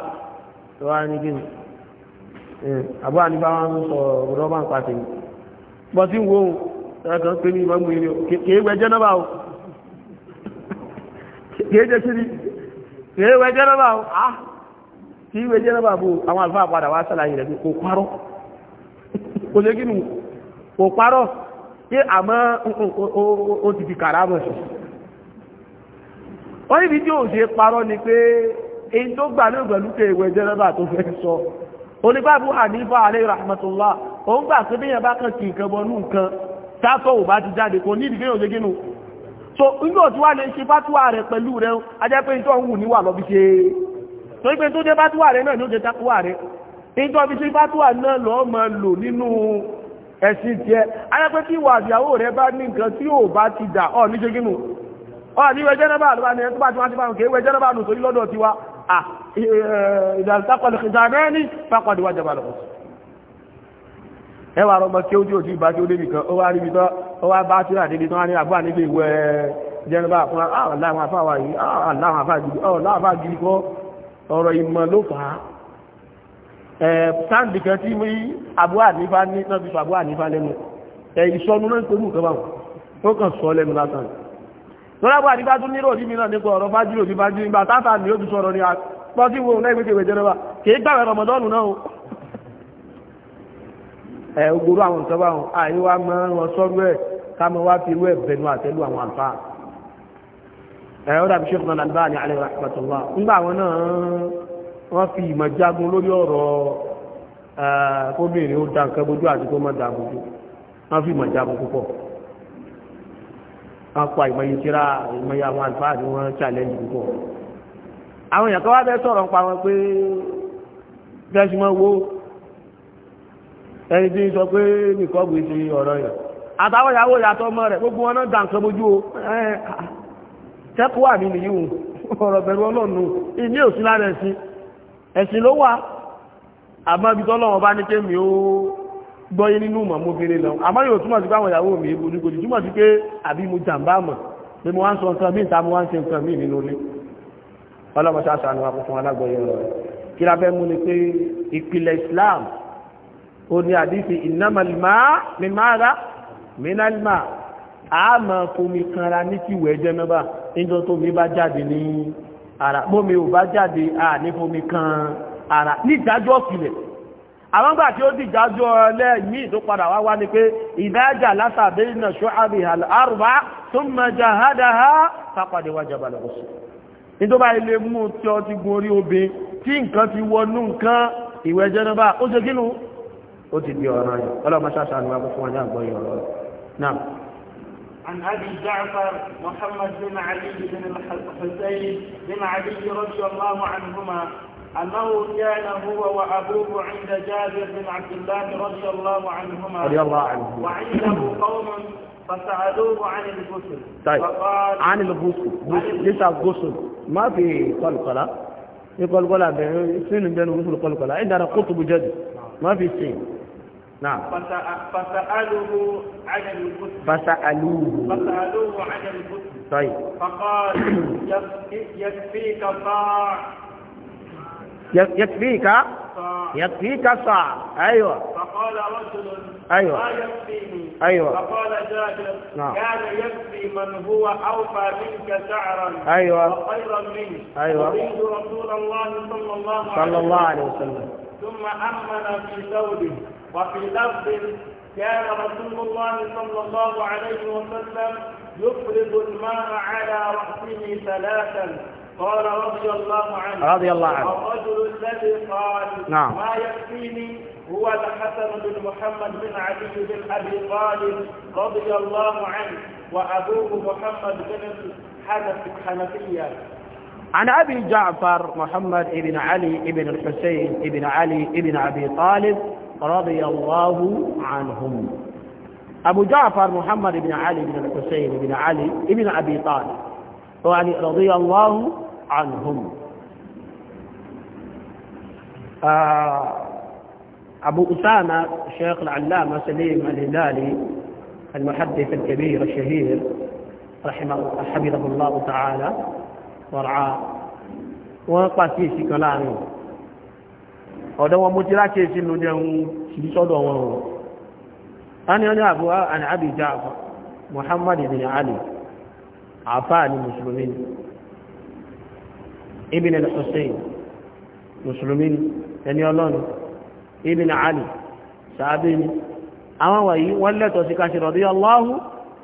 tó wá ní gíní àbúrò ànífà wọn ń sọ rọ́bà ń pàṣẹ yìí bọ́ sí wo ẹ̀kan pé ní ìmọ̀ mú ilé kìí wẹ jẹ́nàbà o kìí jẹ́ sírí kìí wẹ jẹ́nàbà o ah kìí wẹ jẹ́nàbà bò àwọn àlùfáà padà wá sálàyé rẹ̀ kò parọ́ kò ṣe kí o kò parọ́ pé àmọ́ o ti fi kàrá mọ̀ sí wọ́n níbi tí ò ṣe parọ́ ni pé èyí tó gbà ní ìgbẹ̀lú pé ìwẹ̀ jẹ́rẹ́bà tó fẹ́ sọ gbà bọ nǹkan tátọ̀ ò bá ti jáde kò ní ìdíkẹ́ so inú ọ̀tí wà lè ṣe fátúwà rẹ̀ pẹ̀lú rẹ̀ ajẹ́ pé ń wù níwà lọ bí ṣe tó jẹ́ níjọ́ bí ṣe fátúwà náà lọ́ ma lò nínú ẹ̀sìn tí ẹ ayẹ́pẹ́ tí ìwà àbíyàwó rẹ bá ní nǹkan tí ò bá ti dà ọ̀ ní ṣe gínú ọ̀ ní wẹjẹ́ náà bá lọ́wọ́ ní ẹ̀tọ́ bá ti wá ti bá nù kéwẹ́ jẹ́nà bá nù sórí lọ́dọ̀ tiwa ìdàlùsápọ̀lù kìtàmẹ́ni pápádé wájà bá lọ́wọ́ ẹwà ọmọ tí ó tí ò tí ìbá tí ó débì kan ó wá ríbi tán ó wá bá tíra ọ̀rọ̀ ìmọ̀ ló fà sáàdì kan tí mú àbúwà nífà ní náà fi àbúwà nífà lẹ́nu ìṣọ́nu náà pẹ̀lú ìkọ́ báwọn ó kàn sọ lẹ́nu látàn lọ́lábọ̀ àdíbá tún nírò mìíràn nípa ọ̀rọ̀ fájírò sí fájírò nígbà tátà ní ó ti sọ̀rọ̀ ní wo náà ìgbésẹ̀ ìwẹ̀jẹ̀ lọ́wà kìí gbàwẹ̀ rọmọdọ́nù náà ẹ ogoro ń wọ́n fi ìmọ̀ lórí ọ̀rọ̀ kóbìnrin ó dá bójú àti tó má wọ́n fi ìmọ̀ jagun púpọ̀ wọ́n pa ìmọ̀ yìí ìmọ̀ àlùfáà ni wọ́n challenge púpọ̀ àwọn èèyàn kan wá bẹ́ sọ̀rọ̀ pa wọn pé mọ́ ẹni tí ń sọ pé nìkan ọ̀rọ̀ ẹ̀sìn ló wà àmọ́ ibi tọ́lọ́wọ́n bá ní kémi ó gbọ́yé nínú mọ̀ mo fi lọ àmọ́ yóò túmọ̀ sí báwọn ìyàwó mi egbò ní kò túmọ̀ sí pé àbí mo jàǹbá mọ̀ pé mo wá sọ nǹkan míì ta mo wá ń nǹkan míì nínú ilé ọlọ́mọṣẹ́ la ni pé Islam ó ní àdífi ìnámàlìmá mímára mínálìmá àmọ́ fomi kanra ní kíwẹ̀ jẹ́ mẹ́bà ara mọ́mi ò bá jáde à ní fomi kan ara ní ìdájọ́ ọ̀sìnlẹ̀ àwọn gbà tí ó di ìdájọ́ lẹ́yìn tó padà wá wá ni pé ìdájà látàbí iná ṣọ́àbì àrùbá tó mẹjà hádáhá sápàdé wájà balẹ̀ ọ̀sùn nítorí bá ilé mú tí ọ ti gun orí obìnrin tí nǹkan ti wọnú nǹkan ìwẹ̀ jẹ́nàbà ó ṣe kínú ó ti di ọ̀ràn yìí ọlọ́mọ ṣáṣà ni wọ́n fún wọn ní àgbọ̀yìn ọ̀rọ̀ náà عن أبي جعفر محمد بن علي بن الحسين بن علي رضي الله عنهما أنه كان هو وأبوه عند جابر بن عبد الله رضي الله عنهما رضي الله عنه وعنده قوم فسألوه عن الغسل طيب فقال عن الغسل ليس الغسل ما في لا يقول بين سن بين الغسل والقلقلة عندنا قطب جد ما في سين نعم فسألوه عن الغسل فسألوه فسألوه عن الغسل طيب فقال يكفيك صاع يكفيك صاع يكفيك صاع ايوه فقال رجل ايوه ما يكفيني ايوه فقال جابر نعم كان يكفي من هو اوفى منك شعرا ايوه وخيرا منك ايوه اريد رسول الله صلى الله عليه وسلم صلى الله عليه وسلم ثم أمن في ثوب وفي لفظ كان رسول الله صلى الله عليه وسلم يفرض الماء على رأسه ثلاثا قال رضي الله عنه رضي الله عنه الرجل الذي قال نعم. ما يكفيني هو الحسن بن محمد بن علي بن أبي طالب رضي الله عنه وأبوه محمد بن حنفية عن أبي جعفر محمد بن علي بن الحسين بن علي بن أبي طالب رضي الله عنهم أبو جعفر محمد بن علي بن الحسين بن علي بن أبي طالب يعني رضي الله عنهم آه، أبو أسامة الشيخ العلامة سليم الهلالي المحدث الكبير الشهير رحمه حفظه الله تعالى a wọ́n pàkíyèsí kan láàrin ọ̀dọ́ wọn mo ti rákíyèsí ló jẹun sí sọ́dọ̀ wọn a ní àbúwá àni ibn Ali ni ibn al-Hussein musulmi ẹni ibn Ali sàábé àwọn wàyí wọ́n lẹ́tọ̀ọ́ sí káṣí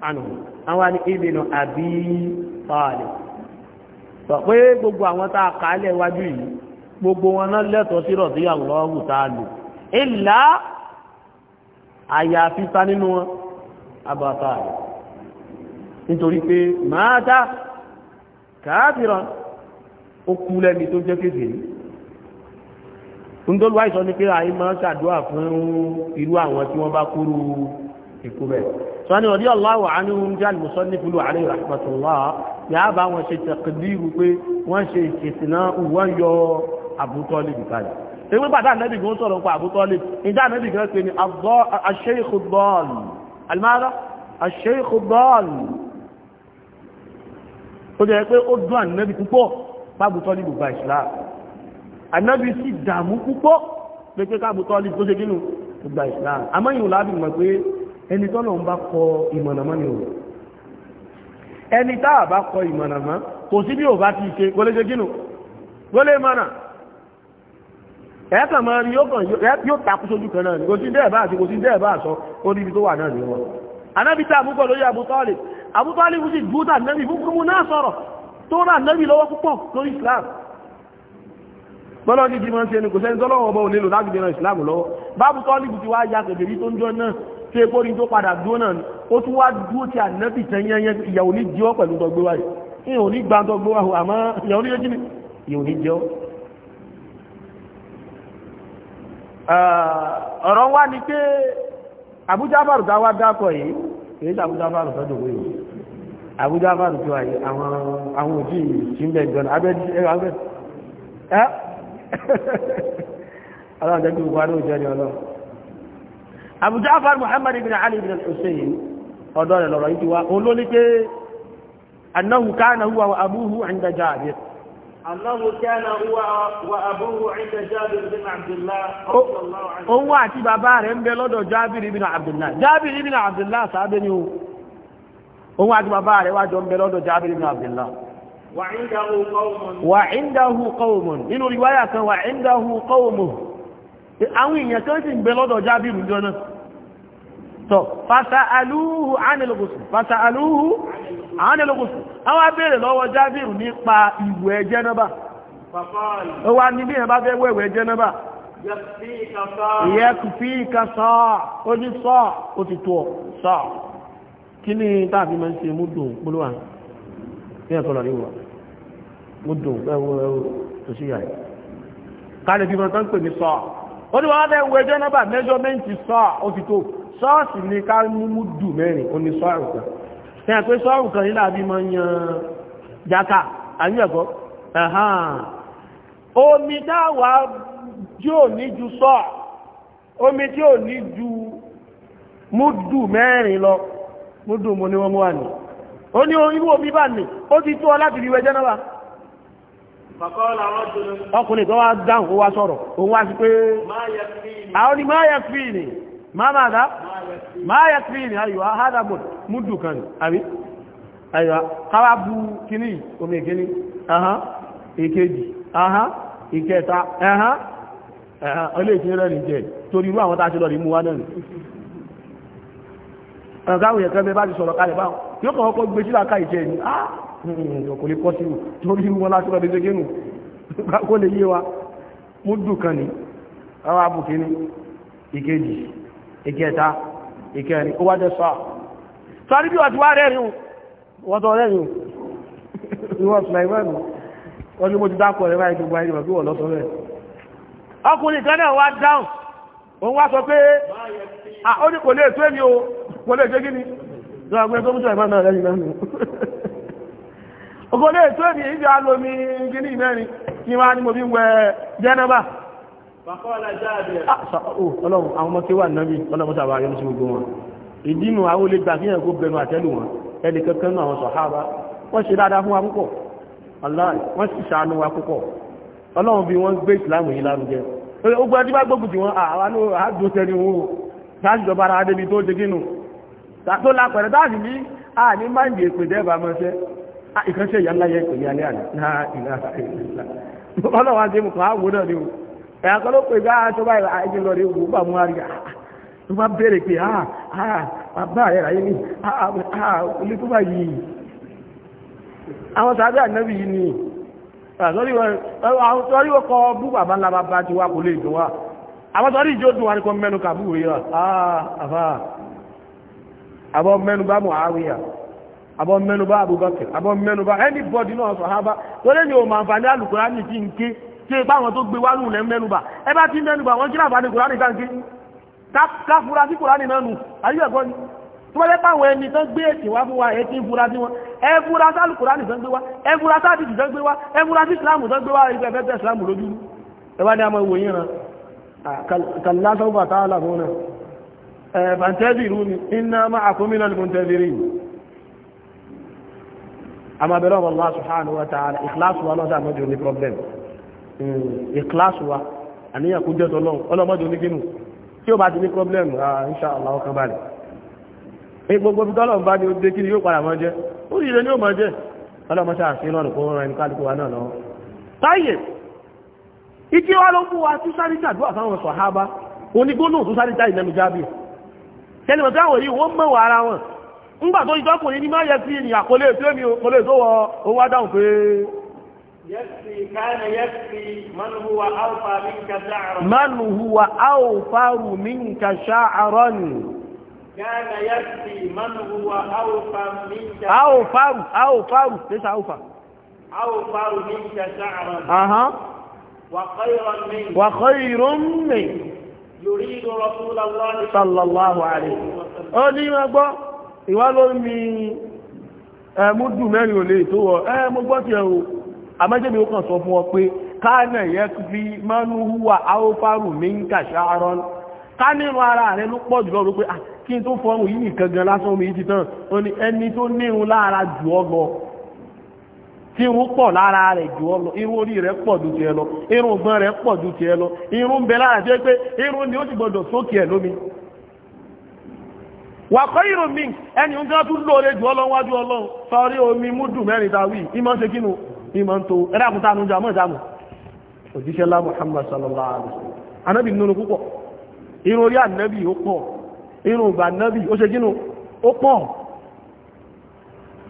anhu àwọn ibn Abi Talib sọ pé gbogbo àwọn tá a kà á lẹ̀ wájú yìí gbogbo wọn náà lẹ́tọ̀ọ́ sí rọ̀dí àlọ́hù tá a lò ìlà àyàfi ta nínú wọn abàtà rẹ̀ nítorí pé máa dá kàáfìràn ó lẹ́ni tó jẹ́ kéfèé nítorí wáyé sọ ni pé àyè máa fún irú àwọn tí wọ́n bá kúrú ikú bẹ́ẹ̀ sọ́ni ọ̀dí ọláwà ánúhun jẹ́ alìmùsọ́nífúlù alayhi rahmatullah yà bá wọn ṣe tẹ̀kìdírù pé wọ́n ṣe ìkẹsìná wọ́n yọ àbútọ́lì nìkalẹ̀ ewé bàtà nẹ́bì gan sọ̀rọ̀ pa àbútọ́lì ìdá nẹ́bì gan pé ni ash-shaykh ad-dall alìmára ash-shaykh ad-dall ó jẹ́ pé ó dún ànẹ́bì púpọ̀ pábútọ́lì gbogbo islam ànẹ́bì sì dààmú púpọ̀ pé ẹni tọ́lọ̀ ń bá kọ ìmọ̀nàmọ́ ni o ẹni táà bá kọ ìmọ̀nàmọ́ kò sí bí ò bá ti ṣe kó lè ṣe gínú kó lè mọ̀nà ẹ̀ẹ́kàn mọ́ rí yóò takú sójú kan náà kò sí dẹ́ẹ̀ bá àti kò sí dẹ́ẹ̀ bá àṣọ ó ní wọn anábi tá àmúkọ lórí Islam bọ́lọ́dí jí mọ́ sí ẹni kò sẹ́ni tọ́lọ́wọ́ ọba ònílò láti dẹ̀rọ Islam lọ́wọ́ bábútọ́ọ̀lì ti wá ya kẹ̀bẹ̀rí tó ń jọ náà tí epo rí tó padà dúró náà ni ó tún wá dúró tí ànábì tẹ́ yẹnyẹn ìyàwó ní jẹ́ pẹ̀lú dọ̀gbé wáyé ìyàwó ní gbà dọ̀gbé wáyé àmọ́ ìyàwó ní jẹ́ ìyàwó ní jẹ́ ọ̀rọ̀ wá ni pé àbújá bàrù tá wá dákọ̀ yìí èyí tí àbújá bàrù Abu Ja'far Muhammad ibn Ali ibn al-Hussein ọ̀dọ́ rẹ̀ lọ́rọ̀ yìí ti wá òun ló ní huwa wa abuhu 'inda Jabir أنه كان هو وأبوه عند جابر بن عبد الله هو àti bàbá rẹ̀ ń bẹ lọ́dọ̀ Jabir بن عبد الله Jabir بن عبد الله sahabi ni o òun àti bàbá rẹ̀ wá ń bẹ lọ́dọ̀ Jabir بن عبد الله وعنده قوم وعنده قوم riwaya kan وعنده قومه àwọn èèyàn kan sì ń bẹ lọ́dọ̀ jábìrù jọ náà tọ́ fàtàlúhù ánìlógósù fàtàlúhù ánìlógósù àwọn abẹ́rẹ̀ lọ́wọ́ jábìrù nípa ìwẹ̀ jẹ́nàbà ó wá níbi bá fẹ́ wẹ̀wẹ̀ jẹ́nàbà yẹ́kùfíìkà sọ́ọ̀ tó sọ́ọ̀ kí ní tàbí mọ́ sí múdùn ní ó ní wọ́n fẹ́ wẹjọ́ nọ́bà mẹ́jọ́mẹ́ntì sọ́ọ̀ ó ti tó sọ́ọ̀sì ní ká mú mú dù mẹ́rin ó ní sọ́ọ̀rù kan ṣe àpé sọ́ọ̀rù kan nílà bí mọ́ yan jaka àyẹ̀kọ́ omi dáwà tí ò ní ju sọ́ọ̀ omi tí ò ní ju mú dù mẹ́rin lọ mú dù mo ní wọ́n mú wà ní ó ní irú omi ọkùnrin tó wá dáhùn ó wá sọ̀rọ̀ òun wá sí pé àwọn ni máa yẹ fi ní máa máa dá máa yẹ fi ní ayọ̀wá hádàbọ̀ múdù kan àbí ayọ̀wá káwà bú kíní omi ìkíní ahán ìkejì ahán ìkẹta ahán ọlé ìkíní rẹ̀ nìjẹ́ torí àwọn tàṣí lọ rí mú wá náà ọkùnrin hmm, kọ́ sí torí wọn láti rọ̀dé jẹ́gẹ́nù kó lè yé wa mú dùkan ní ara bùkí ní ìkejì ìkẹta ìkẹrin ó wájẹ́ sọ́à tó àríbí wà tí wá rẹ̀rin wọ́n tọ́ rẹ̀rin ìwọ̀n sùlẹ̀mẹ́nu wọ́n ní mo ti dákọ̀ rẹ̀ báyìí gbogbo ayé rẹ̀ lọ́sọ rẹ̀ ọkùnrin kan náà wá dáhùn òun ah, lè tó èmi o kò lè ṣe kí ni tó mú sọ ìmọ̀ náà rẹ̀ ògbólé ètò èdè ìdí alómi gíní mẹ́rin kí wá ní mo bí wẹ jẹ́nàbà ah, ọlọ́run àwọn ọmọ tí wà náàbí ọlọ́run tàbí ayọ́ sí gbogbo wọn ìdínú àwọn olè gbà kíyàn kó bẹnu àtẹ́lù wọn ẹni kankan náà wọn sàhábà wọ́n ṣe dáadáa fún wa púpọ̀ wọ́n sì ṣàánú wa púpọ̀ ọlọ́run bí wọ́n gbé ìsìláàmù yìí lárugẹ ogun ẹni bá gbógun tí wọ́n àwọn àdóṣẹ́ni wọn sáàjọba ara adébi tó dégínú tó lápẹ̀rẹ̀ dáàdì ní àní máìndì èpè dẹ́ẹ̀bà mọ́ṣẹ́ Ah, ìkánṣẹ́ ìyá ńlá yẹ pè ní alẹ́ àná náà ìlà ìlà ọlọ́wà tí mo kàn á wò náà ni o ẹ̀yà kan ló pè bí a ah, tó bá ìlà ayé lọ rí wò bá mú àrí ló ah, bá béèrè pé a a bàbá rẹ̀ ráyé ní a a olè tó bá yìí àwọn sàbí ànábì yìí ni sọ́rí wọ́n kọ bú abọ́ mẹ́nubá Abubakar abọ́ mẹ́nubá anybody náà sàhábà lórí ni o máa fà ní alùkùránì tí ń ké tí ipá àwọn tó gbé wá lù lẹ́ mẹ́nubà ẹ bá ti ń mẹ́nubà wọ́n kílà fàní kùránì tá ń ké káfúra sí kùránì náà nù àyíkẹ́kọ́ ni tó wọ́n lẹ́pà àwọn ẹni tán gbé ètì wá fún wa ẹ ti ń fura sí wọn ẹ fura sí alùkùránì tán gbé wá ẹ fura sí àdìsì tán gbé wá ẹ fura sí ìsìlámù tán gbé wá ẹgbẹ́ ẹgbẹ́ ìsìlámù lójú ẹ wá ní àmọ́ ìwòye ràn kàlá sọ́gbà tààlà fún náà ẹ̀ fàǹtẹ́bì rú ni iná máa àkómìnà lè fún tẹ́bì rí àmọ́ abẹ́rẹ́ ọmọ Allah subhanahu wa ta'ala ìkíláàsù wa lọ́sà mọ́jọ ní problem ìkíláàsù hmm, wa àníyàn kó jẹ́tọ̀ lọ́wọ́ ọlọ́mọdé onígbínú tí ó bá ti ní problem insha Allah ọkàn balẹ̀ gbogbo bí tọ́lọ̀ bá ní ó dé kí ni yóò padà mọ́ jẹ́ ó sì rẹ̀ ní ó mọ́ jẹ́ ọlọ́mọṣẹ́ àfihàn kó rán ẹni kálukú wa náà lọ́wọ́ táyè ìkí wá ló mú ńgbà tó ìjọ́kùnrin ní máa yẹ sí ìrìn àkọlé tí ó mi kọlé tó wọ owó adáhùn pé man huwa awfaru minka sha'ran awfaru awfaru lẹ́sà awfa awfaru minka sha'ran wa khayrun min yuridu rasulallah sallallahu alayhi wa sallam ìwá ló ń mi ẹmúdù mẹ́rin ò lè tó wọ ẹ mo gbọ́ ti ẹ̀rù àmọ́jẹ́bí ó kàn sọ fún ọ pé káànà yẹ fi mọ́nú húwà áófàrù mi ń kàṣà arọ́ ká nínú ara rẹ ló pọ̀ jùlọ rú pé ah, kí n tó fọrùn yìí nìkan gan lásán ti tán ó ní ẹni tó lára ju wà kọ́ ìrùn mi ẹni oúnjẹ tún lóore jù ọlọ́wájú ọlọ́run sọrí omi múdù mẹ́rin tàwí ìmọ̀ ṣe kínú ìmọ̀ tó ẹ̀dàkùn tánú jà mọ́ ìdámù òjíṣẹ́ lá Muhammad sallallahu alaihi wasallam anábì nínú púpọ̀ irun orí ànábì ó pọ̀ irun ìgbà ànábì ó ṣe kínú ó pọ̀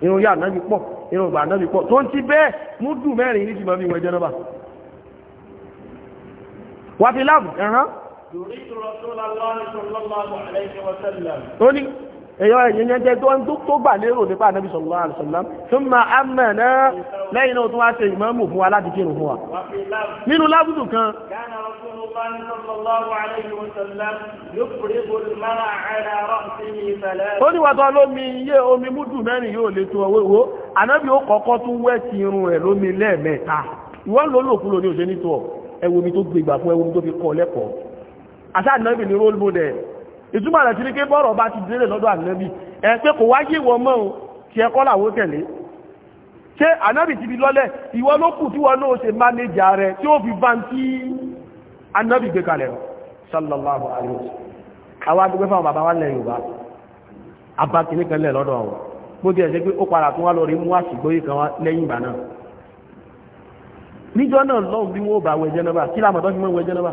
irun orí ànábì pọ̀ irun ìgbà ànábì pọ̀ tó ń ti bẹ́ẹ̀ múdù mẹ́rin ní ti mọ̀ mi wọ ẹjẹ́ náà wà fi láàbù ẹ̀rán ó ní èyàn ẹ̀yìn yẹn jẹ́ tó gbà lérò nípa ànábì sallallahu alaihi wasallam tún ma a mẹ́ náà lẹ́yìn náà tún wá ṣe ìmáàmù fún wa láti kírun fún wa nínú lábùdù kan ó ní wàtọ́ lómi iye omi múdù mẹ́rin yóò lè tó ọwọ́ ìwó ànábì ó kọ́kọ́ tún wẹ́ ti irun rẹ̀ lómi lẹ́ẹ̀mẹ́ta ìwọ́n lólòkúlò ní òṣèlú tó ẹwù fún ẹwù omi tó fi kọ́ lẹ́kọ̀ọ́ àṣà ànábì ní role model ìtumọ̀ rẹ̀ ti ní pé bọ́rọ̀ bá ti délé lọ́dọ̀ ànábì ẹ pé kò wáyé ìwọ mọ́ o ti ẹkọ́ làwó tẹ̀lé ṣé ànábì ti fi lọ́lẹ̀ ìwọ ló kù tí wọn náà ṣe mánéjà alaihi wasallam àwọn agbègbè fáwọn bàbá wa lẹ̀ yorùbá abá kìíní kan lẹ̀ lọ́dọ̀ wọn bó ti ẹ̀ ṣe pé ó padà tún wá lọ rí mú àṣìgbóyè kan wá níjọ́ náà lọ́hùn bí wọ́n bá wẹ̀jẹ́ náà bá kí lámọ̀tọ́ fi mọ́ wẹ̀jẹ́ náà bá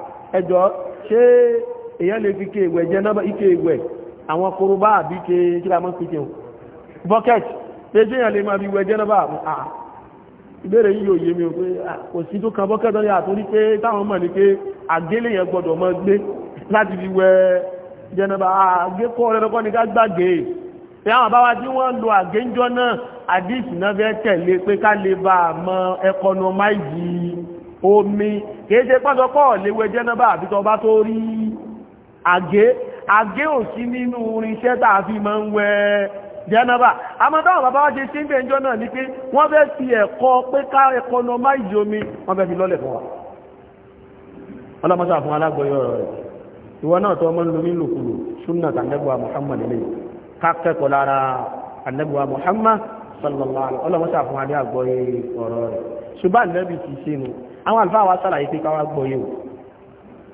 ẹjọ́ ṣé èyàn lè fi ike ìwẹ̀ jẹ́ náà ike ìwẹ̀ àwọn korobá àbí ike kílá mọ́ sí jẹun bucket lè ṣe èyàn lè máa fi wẹ̀ jẹ́ náà ìbéèrè yìí yóò yé mi pé kò sí tó kan bucket lọ́yà àtúrí pé táwọn mọ̀ ní pé àgélé yẹn gbọ́dọ̀ mọ́ gbé láti fi wẹ̀ jẹ́ náà àgékọ́ rẹ̀ lọ́kọ́ ní ká gbàgbé pé àwọn àbáwá tí wọ́n lo àgéńjọ́ náà àdíìsì náà fẹ́ tẹ̀lé pé ká lè bá àmọ́ ẹkọnọmáìsì omi kìí ṣe pọ́sọpọ́ léwé jẹ́nàbà àbí tó bá tó rí àgé àgé ò sí nínú irinṣẹ́ tàà fi máa ń wẹ jẹ́nàbà àmọ́dáwọn bàbá wáṣe sí ìgbẹ̀ ìjọ náà ní pé wọ́n fẹ́ fi ẹ̀kọ́ pé ká economize omi wọ́n fẹ́ fi lọ́lẹ̀ fún wa Muhammad sallallahu alaihi ọlọ́mọsá fún alágbọ̀yọ̀ ọ̀rọ̀ rẹ̀ ṣùgbọ́n nẹ́bì ti ṣe nù àwọn àlùfáà wa sàlàyé pé káwà gbọ́ yóò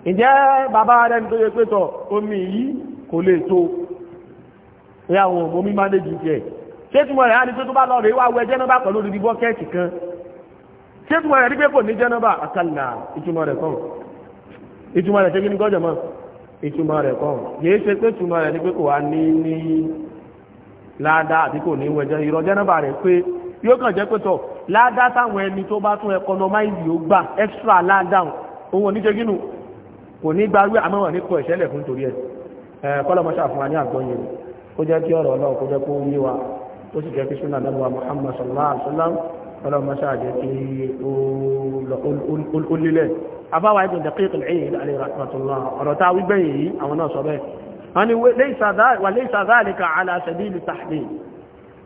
ǹjẹ́ bàbá rẹ̀ tó yẹ pẹ́tọ̀ omi yìí kò lè tó rí àwọn omi mánéjì jẹ́ ṣétùmọ̀ rẹ̀ á ní pé tó bá lọ rẹ̀ wá wẹ jẹ́nàbà pẹ̀lú olùdí bọ́kẹ́ẹ̀tì kan ṣétùmọ̀ rẹ̀ rí pé kò ní jẹ́nàbà àkàlà ìtumọ̀ rẹ̀ kọ́ ìtumọ̀ rẹ̀ ṣe kí ní gọ́jọ̀ mọ́ ìtumọ̀ rẹ̀ kọ́ yìí ṣe pé ìtumọ̀ rẹ̀ ní pé kò wá ní ní ládàá àti kò ní ládá táwọn ẹni tó bá tún economize yóò gbà extra ládá ohun oníṣẹ́ gínú kò ní gbárúwẹ́ àmọ́wà ní kọ ìṣẹ́lẹ̀ fún torí ẹ̀ kọ́lọmọṣà fún wa ní àgbọ́yé ó jẹ́ kí ọ̀rọ̀ ọlọ́ọ̀ kó jẹ́ kó yé wa ó sì jẹ́ kí súnà lọ́wọ́ Muhammad sallallahu alaihi wasallam kọ́lọmọṣà jẹ́ kí ó lélẹ̀ abáwa ibn Daqiq al-Eid alayhi rahmatullah ọ̀rọ̀ tá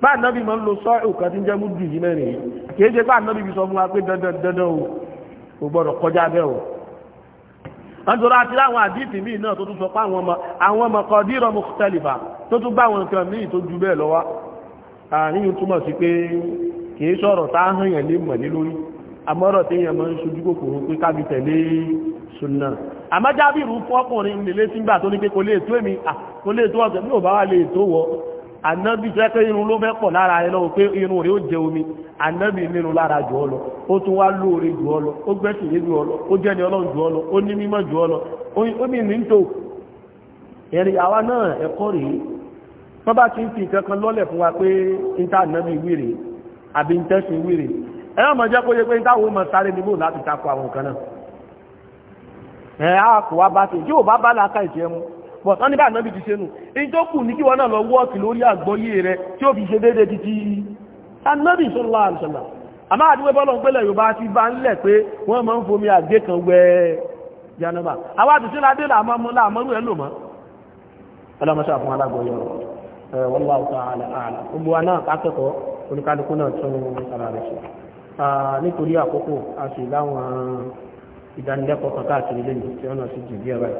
bá nábì máa ń lo sọ́ọ̀rù kan tí ń jẹ́ múdù yìí mẹ́rin yìí kì í ṣe bá nábì fi sọ fún wa pé dandan dandan o kò gbọ́dọ̀ kọjá bẹ́ẹ̀ o. àtúrò àti láwọn àdìsí míì náà tó tún sọ pé àwọn ọmọ àwọn ọmọ kan dírọ̀ mukhtalifa tó tún bá àwọn nǹkan míì tó ju bẹ́ẹ̀ lọ́wọ́ àárín yìí túmọ̀ sí pé kì sọ̀rọ̀ tá a hàn yẹn lé mọ̀ lórí àmọ́rọ̀ tí èèyàn máa ń sojú kòkòrò pé kábi tẹ̀lé sunna àmọ́ fún ọkùnrin nílé sígbà tó ní pé kò lè tó èmi kò lè tó ọ̀sẹ̀ bí ò bá lè tó wọ́ ànábì jẹ́ pé irun ló mẹ́pọ̀ lára ẹ lọ́wọ́ pé irun rẹ̀ ó jẹ omi annabi nínú lára jù ọ ó tún wá lóore jù ọ ó gbẹ́sìlẹ̀ jù ọ lọ ó jẹ́ni ọlọ́run jù ọ ó ní mímọ́ jù ọ ó ní ẹ̀rí àwa náà ẹ̀kọ́ rèé wọ́n bá ti ń fi nǹkan lọ́lẹ̀ fún wa pé níta ànábì wíìrè àbí ń mọ̀ jẹ́ kó yẹ pé níta mọ̀ sáré bá bá bá làákà ìjẹun but wọ́n ní bá ànábì ti ṣe nù in tó kù ní kí wọ́n náà lọ wọ́ọ̀kì lórí àgbọ́yé rẹ tí ó fi ṣe déédéé títí ànábì sallallahu alaihi wasallam àmá àdúgbò bọ́lọ̀ ń pẹ́lẹ̀ Yorùbá ti bá ń lẹ̀ pé wọ́n máa ń fomi àgbé kan wẹ janaba àwọn àtúnṣe ládé làmọ́ mú láàmọ́rú ẹ̀ lò mọ́ ọlọ́mọṣà fún alágbọ̀yọ̀ wallahu ta'ala a'lam gbogbo wa náà kákẹ́kọ̀ọ́ oníkálukú náà tún ara rẹ̀ ṣe nítorí àkókò a sì láwọn ìdánilẹ́kọ̀ọ́ kan káàkiri lẹ́yìn tí ọ̀nà sì jù díẹ̀ báyìí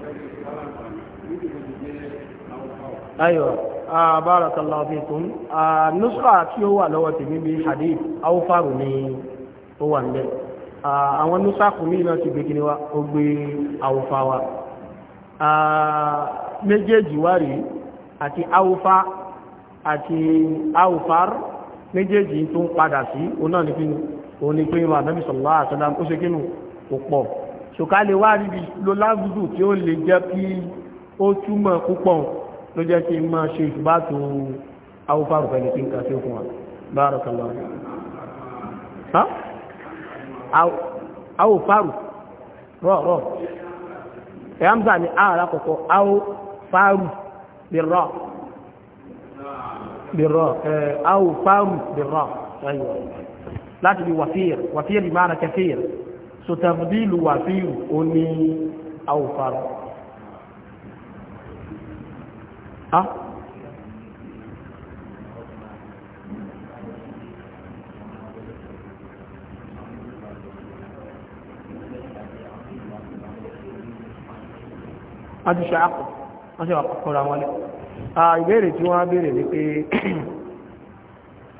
ayọ̀ barakallahu fikum nusra tí ó wà lọ́wọ́ tèmi bí hadith awúfàrù ni ó wà nílẹ̀ àwọn nusra kùmí náà ti gbé kíníwá ó gbé awúfà wa méjèèjì wá rí àti awúfà àti awúfàr méjèèjì tó ń padà sí òun náà ní kíni òun ni pé ìwà ànábì sallallahu alaihi wasallam ó ṣe kínú kò pọ̀ ló jẹ́ kí n máa ṣe ìṣùbá tó awúfàrù pẹ̀lú kí n kà sí fún wa barakallahu awúfàrù rọ̀rọ̀ ẹ̀yàmsà ni ààrà kọ̀kọ́ awúfàrù bìrọ̀ bìrọ̀ awúfàrù bìrọ̀ láti bí wàfíìr wàfíìr bí máa na kẹfíìr so tàbí lù wàfíìr ó awúfàrù Ha? a ti ṣe àpọ̀ wọ́n ṣe àpọ̀kọ́ra wọlé ìbéèrè tí wọ́n béèrè ní pé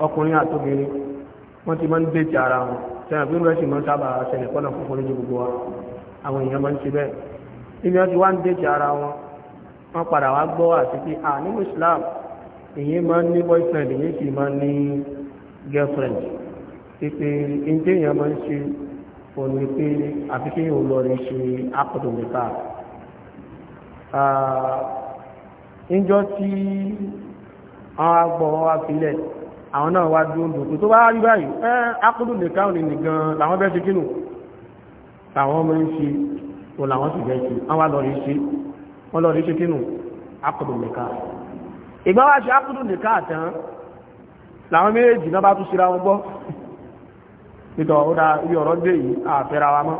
ọkùnrin àtòbìnrin wọ́n ti máa ń dé ti ara wọn sẹ́yìn pé rẹ́sì máa ń sábà gbogbo àwọn èèyàn máa ń wọ́n padà wá gbọ́ àti pé à nínú Islam èyí máa ń ní boyfriend èyí sì máa ń ní girlfriend pípé ǹjẹ́ èèyàn máa ń ṣe òun ni pé àfi kí èèyàn lọ rí ṣe ápọ̀tòmíkà ǹjọ́ tí àwọn agbọ̀ wa filẹ̀ àwọn náà wá dúró dòkú tó bá rí báyìí ẹ́ ápọ̀tò nìkan ní nìkan làwọn bẹ́ẹ̀ ṣe kínú làwọn máa ń ṣe òun làwọn sì bẹ́ẹ̀ ṣe àwọn lọ rí ṣe wọ́n lọ rí ṣe kínú akùdù nìka ìgbà wá ṣe akùdù nìka àtàn làwọn méjèèjì náà bá tún síra wọn gbọ́ nítọ̀ ó dá ibi ọ̀rọ̀ dé yìí àfẹ́ra wa mọ́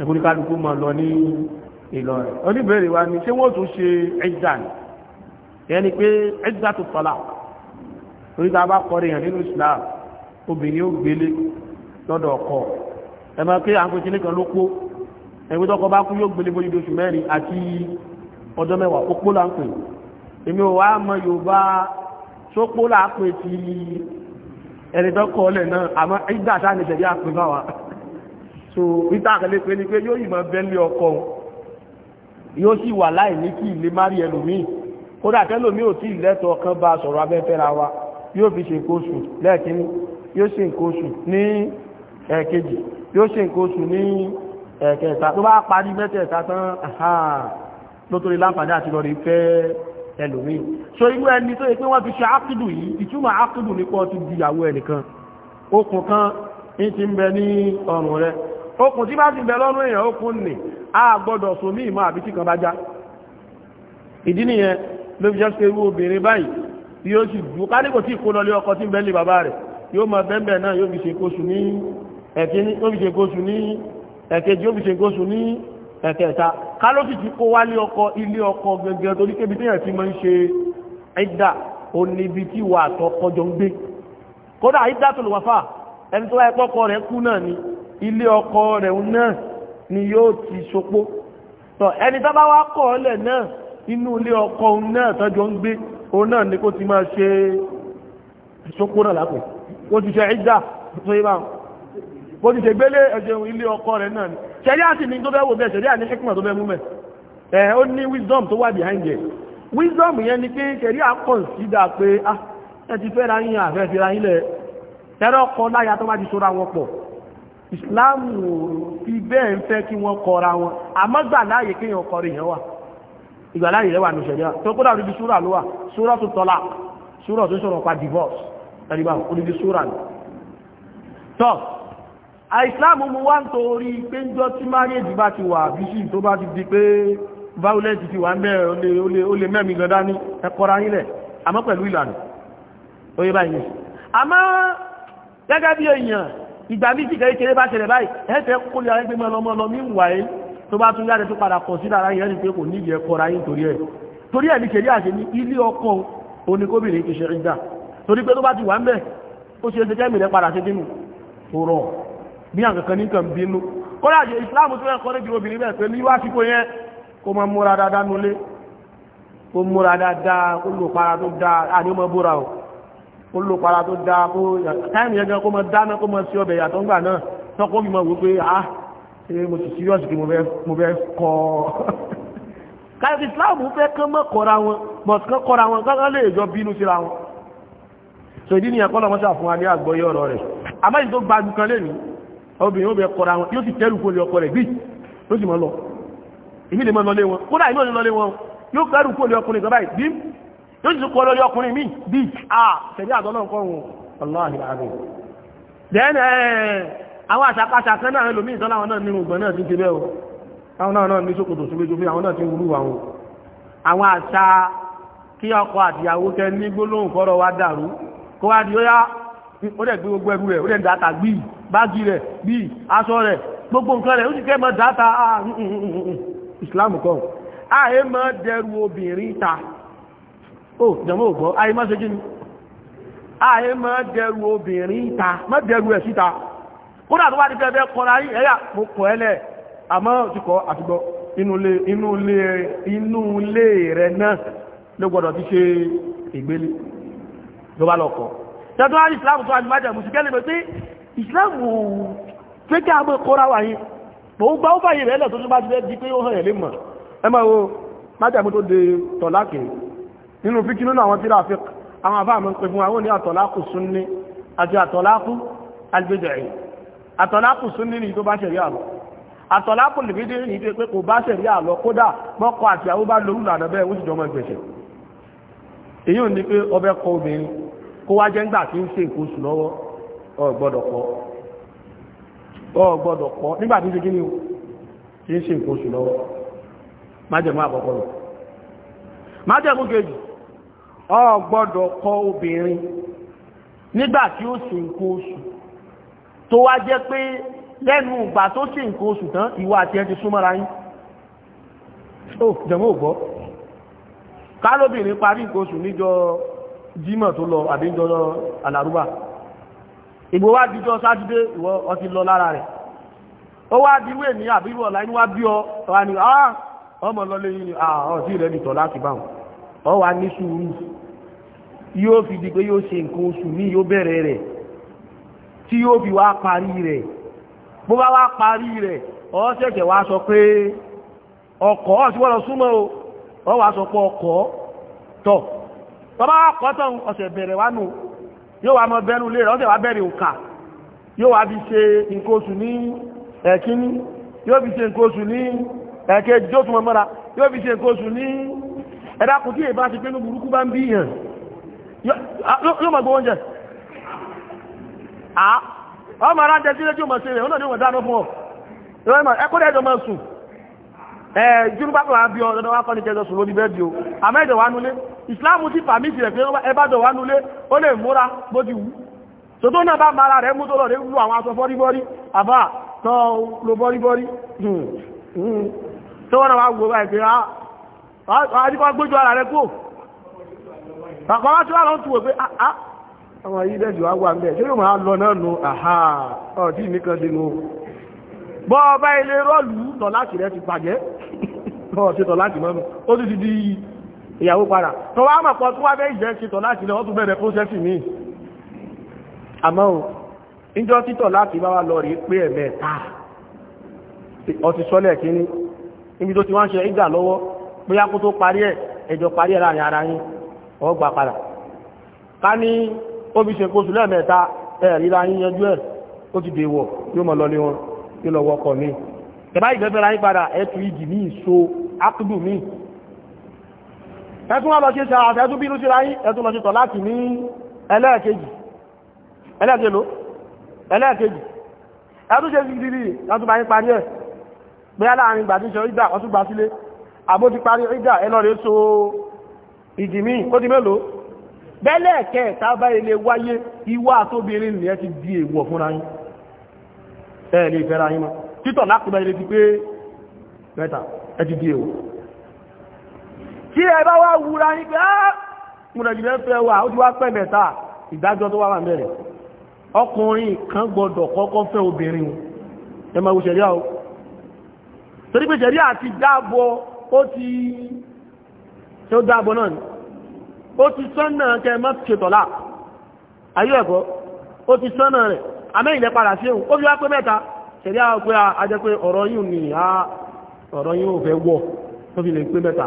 ẹkùn kálukú mọ̀ lọ ní Ìlọrin oníbèrè wa ni ṣé wọ́n tún ṣe ẹ̀dà ni ẹni ẹgbẹ́ tọ́kọ bá kú yóò gbélé bójú oṣù mẹ́rin àti ọjọ́ mẹ́wàá òpó là ń pè èmi ò wá mọ yorùbá sópó là ń pè ti ẹni ọlẹ̀ náà àmọ́ ìgbà tá ní so níta àkẹlẹ́ pé ni pé yóò ìmọ̀ bẹ́ẹ̀lì ọkọ yóò sì wà láì ní kí ilé má rí ẹlòmíì kódà tẹ́lòmíì ò tí ì lẹ́tọ̀ọ́ kan bá ní ẹ̀kẹta tó bá parí mẹ́tẹ̀ẹ̀ta tán lótórí láǹfààní àti lọ́rí fẹ́ ẹlòmí so irú ẹni tó yẹ pé wọ́n fi ṣe ákìdù yìí ìtumọ̀ ákìdù nípa ti di ìyàwó ẹnìkan okùn kan ń ti ń bẹ ní ọrùn rẹ okùn tí bá ti bẹ lọ́rùn èèyàn okùn nì á gbọ́dọ̀ so ní ìmọ̀ àbí tí kan bá já ìdí nìyẹn ló fi jẹ́ pé irú obìnrin báyìí yóò sì dùn ká ẹ̀kejì ó fi ṣe gbóṣù ní ẹ̀kẹta kálọ́sì ti kó wálé ọkọ ilé ọkọ gẹ́gẹ́ torí kébi téèyàn ti máa ń ṣe ẹ̀dà oníbi tí wà àtọkọjọ ń gbé kódà ẹ̀dà tó lè fà ẹni tó wáyé pọ́kọ rẹ̀ kú náà ni ilé ọkọ rẹ̀ náà ni yóò ti ṣopó tọ ẹni tó bá wá kọ̀ ọ́lẹ̀ náà inú ilé ọkọ náà tọ́jọ́ ń gbé òun náà ni kó ti máa ṣe ṣopó náà lápò ó ti ṣe ẹ̀dà tó yẹ báwọn bó ti ṣe gbélé ẹ̀ṣẹ̀hùn ilé ọkọ rẹ̀ náà ni ṣẹ̀rí àti ní tó fẹ́ wò bẹ́ẹ̀ ṣẹ̀rí àní hikmah tó fẹ́ mú mẹ́ ẹ̀ ó ní wisdom tó wà behind it wisdom yẹn ni pé ṣẹ̀rí à consider pé ah ẹ ti fẹ́ ra yín àfẹ́ fi ra yín lẹ̀ ẹ̀rọ ọkọ láya tó bá ti ṣọ́ra wọn pọ̀ Islam fi bẹ́ẹ̀ ń fẹ́ kí wọ́n kọra wọn àmọ́ gbà láàyè kéèyàn kọrin yẹn wà ìgbà láàyè rẹ̀ wà ní ṣẹ̀rí à tó kó dàrú ibi súrà ló wà súrà tó tọ́lá súrà tó sọ̀rọ̀ pa divorce ẹ̀rí bá oníbi súrà ni àìsíláàmù mú wá ń torí pé ń jọ tí márìèjì bá ti wà bíṣì tó bá ti di pé violence ti wà ń bẹ̀rẹ̀ ó lè mẹ́mí gan dání ẹkọra nílẹ̀ àmọ́ pẹ̀lú ìlànà oyè báyìí àmọ́ gẹ́gẹ́ bí èèyàn ìgbà bí ti kẹ́kẹ́rẹ́ ni pé kò níbi ẹkọra yín torí ẹ̀ torí ẹ̀ ní kèrí àṣẹ ní ilé ọkọ oníkóbìnrin ti torí pé tó bá ti wà ń bẹ̀ ó ṣe é rẹ̀ padà ṣe dínú tó bí àǹkankan ní kan bínú kọ́lá àjẹ́ ìsìláàmù tó ẹ̀kọ́ níbi obìnrin bẹ́ẹ̀ pé níwá síkò yẹn kó mọ múra dáadáa nulé kó múra dáadáa kó lò para tó dáa àní ó mọ búra o kó lò para tó dáa kó táìmù yẹn gan kó mọ dáná kó mọ sí ọbẹ̀ yàtọ̀ ńgbà náà tọ́kọ́ bí mọ wò pé ah ṣe mo sì serious kí mo fẹ́ kọ́ káyọ̀ ìsìláàmù fẹ́ kán mọ́ kọ́ra wọn but kán kọ́ra wọn kán lè jọ bínú síra wọn so ìdí nìyẹn kọ́ lọ́mọ́sà fún wa ní àgbọ́yé ọ̀rọ̀ rẹ̀ àmọ́ ìdó gbajú kan lè ní obìnrin ó bẹ kọra wọn yóò sì tẹ́rù kó lè rẹ̀ bí ó sì mọ́ lọ èmi lè mọ́ lọlé wọn kódà ìmọ̀ lọlé wọn yóò kẹrù kó ọkùnrin kan báyìí bí yóò sì kọ́ lórí ọkùnrin míì bí a tẹ̀lé àdọ́nà nǹkan wọn aláàrí àárẹ̀ then eh, àwọn àṣàkáṣà kan náà lómi ìtọ́lá àwọn náà nínú ìgbọ̀n náà ti ti bẹ́ẹ̀ o àwọn náà ní ṣòkòtò ṣubéjúbé àwọn náà ti wúrú àwọn àwọn àṣà kí ọkọ àtìyàwó kẹ ní gbólóhùn kọ́rọ̀ wá dàrú kó wá di ó yá ó dẹ̀ gbé gbogbo ẹrú rẹ̀ ó dẹ̀ dáta gbíì báàgì rẹ̀ bí aṣọ rẹ̀ gbogbo nǹkan rẹ̀ ó sì fẹ́ mọ́ dáta ah, mm, mm, mm, islam kan ààyè mọ́ dẹrù obìnrin ta ó jẹmọ́ ògbọ́ ààyè mọ́ ṣejí ni ààyè mọ́ dẹrù obìnrin ta mọ́ dẹrù ẹ̀ síta ó dà tó wá ní fẹ́ fẹ́ kọ́ra yí ẹ̀yà mo kọ̀ ẹ́ islam fẹ́ kí a mọ́ kọ́ra wà yìí mọ̀ ó gbá ó fàyè rẹ̀ lẹ̀ tó ní bá ti fẹ́ di pé ó hàn ẹ̀lé mọ̀ ẹ máa wo májàmú tó de tọ̀láàkì nínú fíkí nínú àwọn tíra fi ni tó bá ṣẹ̀rí àlọ́ àtọ̀láàkù ni tó pé kò bá ṣẹ̀rí àlọ́ kódà mọ́kọ àti àwọn bá lórú lànà bẹ́ẹ̀ ó sì jọmọ gbèsè èyí ò ní pé ọbẹ̀ kọ obìnrin kó wá jẹ́ ńgbà tí ń ṣe nǹkan lọ́wọ́ Ọ gbọdọ ọgbọ́dọ̀ pọ̀ nígbàtí ṣe gíní tí ń ṣe nǹkan oṣù lọ́wọ́ májẹ̀mú àkọ́kọ́ rẹ̀ májẹ̀mú kọ obìnrin nígbàtí ó ṣe nǹkan oṣù tó wá jẹ́ pé lẹ́nu ìgbà tó ṣe nǹkan oṣù tán ìwà àti ẹ ti súnmọ́ra yín ó jẹ̀mú parí nǹkan oṣù jímọ̀ tó ìgbò wá díjọ́ sátidé ìwọ ọtí lọ lára rẹ̀ ó wá di ní àbí ìwọ̀lá wá bí ọ wà ní ah, ọmọ lọ lẹ́yìn ah, ọtí rẹ̀ nìtọ̀ láti bá wọn ọ wà ní sùúrù yóò fi di pé yóò ṣe nǹkan oṣù ní yóò bẹ̀rẹ̀ tí yóò fi wá parí rẹ̀ bó bá wá parí rẹ̀ ọ wá sọ pé ọkọ̀ ọ̀sí wọ́n o ọ wá sọ pé ọkọ̀ tọ̀ tọ́ bá wá yóò wá mọ bẹ́nu lé rẹ̀ ọ́sẹ̀ wá bẹ̀rẹ̀ òkà yóò wá fi ṣe nǹkan oṣù ní ẹ̀kíní yóò fi ṣe nǹkan oṣù ní ẹ̀kejì tó tún mọ́ra yóò fi ṣe nǹkan oṣù ní ẹ̀dàkùn tí èbá ti pé ní burúkú bá ń bí yàn yóò mọ̀ gbọ́ oúnjẹ ọmọ ara jẹ sílé tí ó mọ̀ sí rẹ̀ ó náà ni ó mọ̀ dáná fún ọ ẹkọ́dẹ̀ ẹjọ́ mọ̀ sùn ẹ̀ẹ́dúrúbápọ̀ àbíọ́ ọ̀dọ́dọ́ wá kọ́ ní jẹ́jọ́ sùn lórí bẹ́ẹ̀dì o àmẹ́jọ̀ wá nulé ìsìláàmù ti pàmìtì rẹ̀ pé ẹbádọ̀ wà nulé ó lè múra bó ti wù tòtó náà bá mara rẹ̀ mú tó lọ rẹ̀ wú àwọn aṣọ bọ́ríbọ́rí àbá tán lo bọ́ríbọ́rí hmm, hmm. tó wọ́n wá gbogbo ẹgbẹ́ àjíkọ́ gbójú ara rẹ̀ kó àkọ́wá tí wọ́n lọ tún wò pé àwọn ah, ah. yìí lẹ́jù wá wà ń bẹ̀ ṣé ló máa lọ náà nù àhà ọ̀dí nìkan dínú bọ́ ọba ilé rọ́ọ̀lù tọ̀ láti rẹ̀ ti pàjẹ́ tọ̀ mọ́nu ó ti di ìyàwó padà tó wá mọ̀ pọ̀ tó wá bẹ́ ìjẹ́ títọ̀ láti lọ ọdún bẹ̀rẹ̀ pósẹ́sì mi àmọ́ o ìjọ títọ̀ láti bá wá lọ rí pé ẹ̀mẹ́ ta ọtí sọ́lẹ̀ kíní níbi tó ti wá ń ṣe ìgbà lọ́wọ́ bóyá kó tó parí ẹ̀ ẹjọ́ parí ẹ̀ láàrin ara yín ọgbà padà ká ní óbi ṣe ẹtún lọ ṣe ṣàrà ẹtún bínú síra yín ẹtún lọ ṣe tọ̀ láti ní ẹlẹ́ẹ̀kejì ẹlẹ́ẹ̀kejì ẹlẹ́ẹ̀kejì ẹtún ṣe sí ìdílé ẹtún bá yín parí ẹ̀ pé aláàrin gbà tí ṣe ìdá ọtún gbà sílé àbó ti parí ìdá ẹ lọ rẹ so ìdì mí ó di mélòó bẹ́lẹ̀kẹ́ tábá ilé wáyé ìwà títọ̀ lákùnrin ilé ti pé mẹ́ta ẹ ti di èèwọ̀ tí ẹ bá wá wúra ní pé ah, múnàjìlẹ̀ fẹ́ wà ó ti wá pẹ́ mẹ́ta ìdájọ́ tó wà wà mẹ́rẹ̀ ọkùnrin kan gbọdọ̀ kọ́kọ́ fẹ́ obìnrin ẹ máa wo ṣẹ̀ríà o torí pé ti dáàbọ̀ ó ti ni o ti sọ́nà kẹ mọ́ ṣètọ̀lá ayé ẹ̀kọ́ ó ti sọ́nà rẹ̀ padà sí ó fi wá pé mẹ́ta pé a pé ọ̀rọ̀ yìí ni ọ̀rọ̀ yìí ò fẹ́ tó fi lè pé mẹ́ta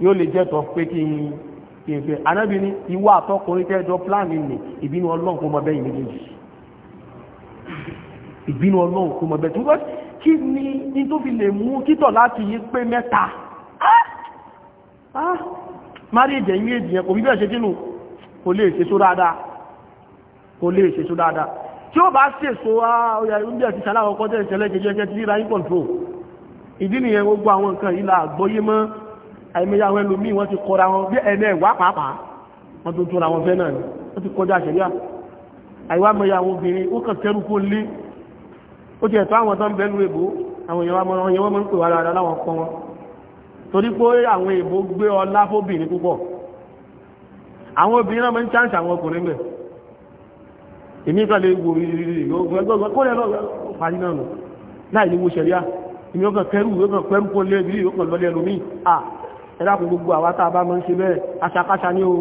yóò lè jẹ́ tọ́ pé kí n kí n fẹ́ anábì ní ìwà àtọkùnrin tẹ́jọ pláàni nì ìbínú ọlọ́run kó mọ bẹ́yìn méjèèjì ìbínú ọlọ́run mọ bẹ́yìn tó bá kí ni ní tó fi lè mú títọ̀ láti yí pé mẹ́ta márí ìjẹ̀ ìwé ìjìyàn kò bíbẹ̀ ṣe kínú kò lè ṣe só dáadáa kò lè ṣe só dáadáa tí ó bá ṣe só ah, oya oúnjẹ ti ṣaláwọ̀ kọjẹ́ ìṣẹ̀lẹ̀ jẹjẹ́ ti ríra gbogbo àwọn nǹkan ìlà àgbóyé mọ́ àìmẹ́yà àwọn ẹlòmíì wọ́n ti kọra wọn bí ẹ̀ẹ́nẹ́ ìwà pàápàá wọ́n tó tóra wọn fẹ́ náà ni wọ́n ti kọjá àṣẹyà àìwá mẹ́yà àwọn obìnrin ó kàn tẹ́rù kó lé ó ti ẹ̀tọ́ àwọn tó ń bẹ́lú èbó àwọn èèyàn wọn yẹn wọ́n mọ́ ń pè wá dáadáa láwọn kọ́ wọn torí pé àwọn èbó gbé ọlá fóbìnrin púpọ̀ àwọn obìnrin náà máa ń chance àwọn ọkùnrin bẹ̀ èmi kan lè wò ìrìnrìn kó lẹ́ lọ́wọ́ parí náà nù láì ní wo ṣẹ̀ríà èmi ó kàn kẹrù ó kàn pẹ́rù kó lé ìbílẹ̀ ó kàn lọ́lẹ́ ẹlòmíì ẹ̀dàkùn gbogbo àwa tá a bá mọ́ ń ṣe bẹ́ẹ̀ aṣakáṣa ní o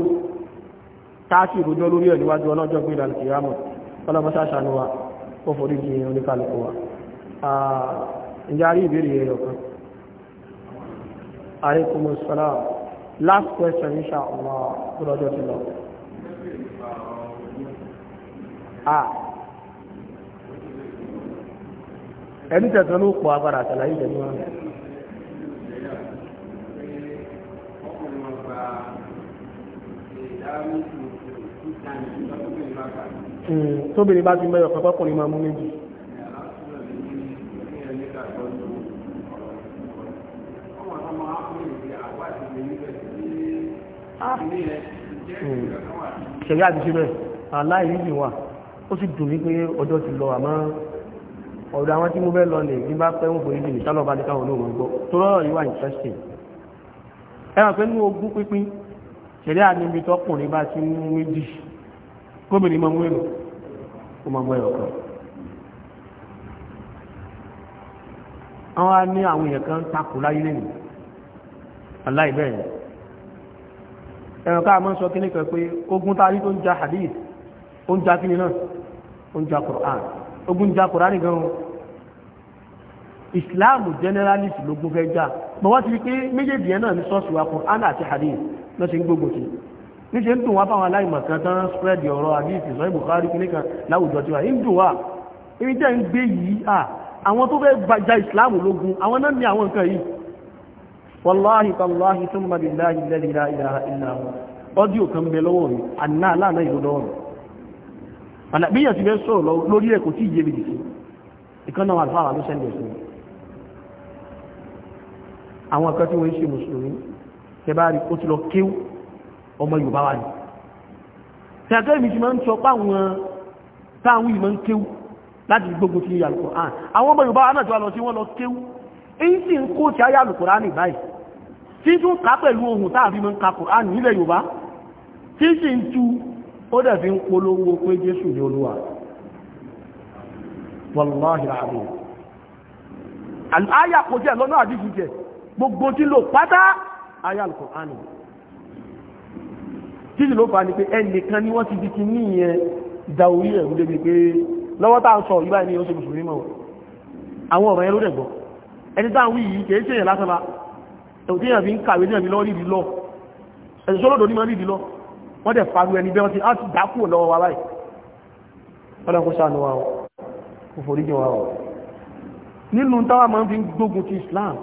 táàkì ìròjọ́ lórí ẹ̀ níwájú ọlọ́jọ́ gbé ìdàlùkì rámọ̀ ọlọ́mọṣáṣà ni wa ó forí di oníkàlùkù wa last question insha allah lọ́jọ́ ti lọ. ẹni tẹ̀sán ló pọ̀ agbára àtàlàyé ìjẹ́ ní wọn. Hmm, tóbìnrin bá ti mẹ́yọ̀ pẹ́pẹ́ kùnrin máa mú méjì ah. hmm, ṣẹ̀yà àti ṣe bẹ́ẹ̀ aláìríjì wà ó sì dùn wípé ọjọ́ ti lọ àmọ́ ọ̀dọ̀ àwọn tí mo fẹ́ lọ lè ní bá pẹ́ wọ́n forí jìnnì sálọ̀ bá ní káwọn olóòmọ̀ gbọ́ tó rọrọ̀ yìí wà interesting ẹ̀rọ pé nínú ogún pínpín ṣẹlẹ̀ àníbi tọkùnrin bá ti mú méjì gómìnà máa mú èrò ó máa mú ẹ̀rọ kan àwọn á ní àwọn èèyàn kan takò láyé lẹ́nu aláìbẹ̀rẹ̀ ẹ̀rọ ká máa sọ kí ní kan pé ogun tá tó ń ja hadith ó ń ja kí ni náà ó ń ja Qur'an ogun ja Qur'an gan-an ìsìláàmù generalist ló gbó fẹ́ já mọ̀ wá ti rí pé méjèèjì náà ní sọ́ọ̀sì wa Kùránì àti hadith ló ti ń gbógbò sí níṣẹ́ ń dùn wá fáwọn aláìmọ̀kan tán spread ọ̀rọ̀ hadith sọ́yìn Bukhari kìnnìkan láwùjọ tiwa ń dùn wá ibi tẹ́ ń gbé yìí à àwọn tó fẹ́ gbajà ìsìláàmù lógun àwọn náà àwọn nǹkan yìí tó mọ̀ ọdíò kan bẹ lọ́wọ́ àná aláàná àlàbíyàn ti fẹ́ sọ̀rọ̀ lórí ẹ̀kọ́ tí sí ló sẹ́ndẹ̀ sí àwọn kan tí wọ́n ṣe mùsùlùmí tẹbárí ó ti lọ kéw ọmọ Yorùbá wà ní tẹ́gẹ́ ìmì ti máa ń sọ páwọn táwọn ìmọ̀ ń kéw láti gbogbo ti yàlùkọ̀ àn àwọn ọmọ Yorùbá náà tó wà lọ sí wọ́n lọ kéw èyí sì ń kó ti ayàlùkọ̀ ránì báyìí tí tún ká pẹ̀lú ohun táàfin mọ́ ń ka Kùránì nílẹ̀ Yorùbá tí kò jẹ́ lọ́nà àdíjì gbogbo tí lò pátá ayé alùkùránì títí ló fà ní pé ẹnìkan ni wọ́n ti di ti ní ìyẹn ìdáorí ẹ̀rù débi pé lọ́wọ́ tá ń sọ ìgbà ní oṣù mùsùlùmí mọ̀ àwọn ọ̀rọ̀ yẹn ló dẹ̀gbọ́ ẹni tá ń wí yìí kìí ṣèyàn lásán la ẹ̀wù tí èèyàn fi ń kàwé ní ẹ̀mí lọ́wọ́ nídìí lọ ẹ̀sùn sólòdò ní mọ́ nídìí lọ wọ́n dẹ̀ faru ẹni bẹ́ẹ̀ ti á ti dákú lọ́wọ́ wa báyìí o kò o nínú táwa máa ń fi gbógun ti Islam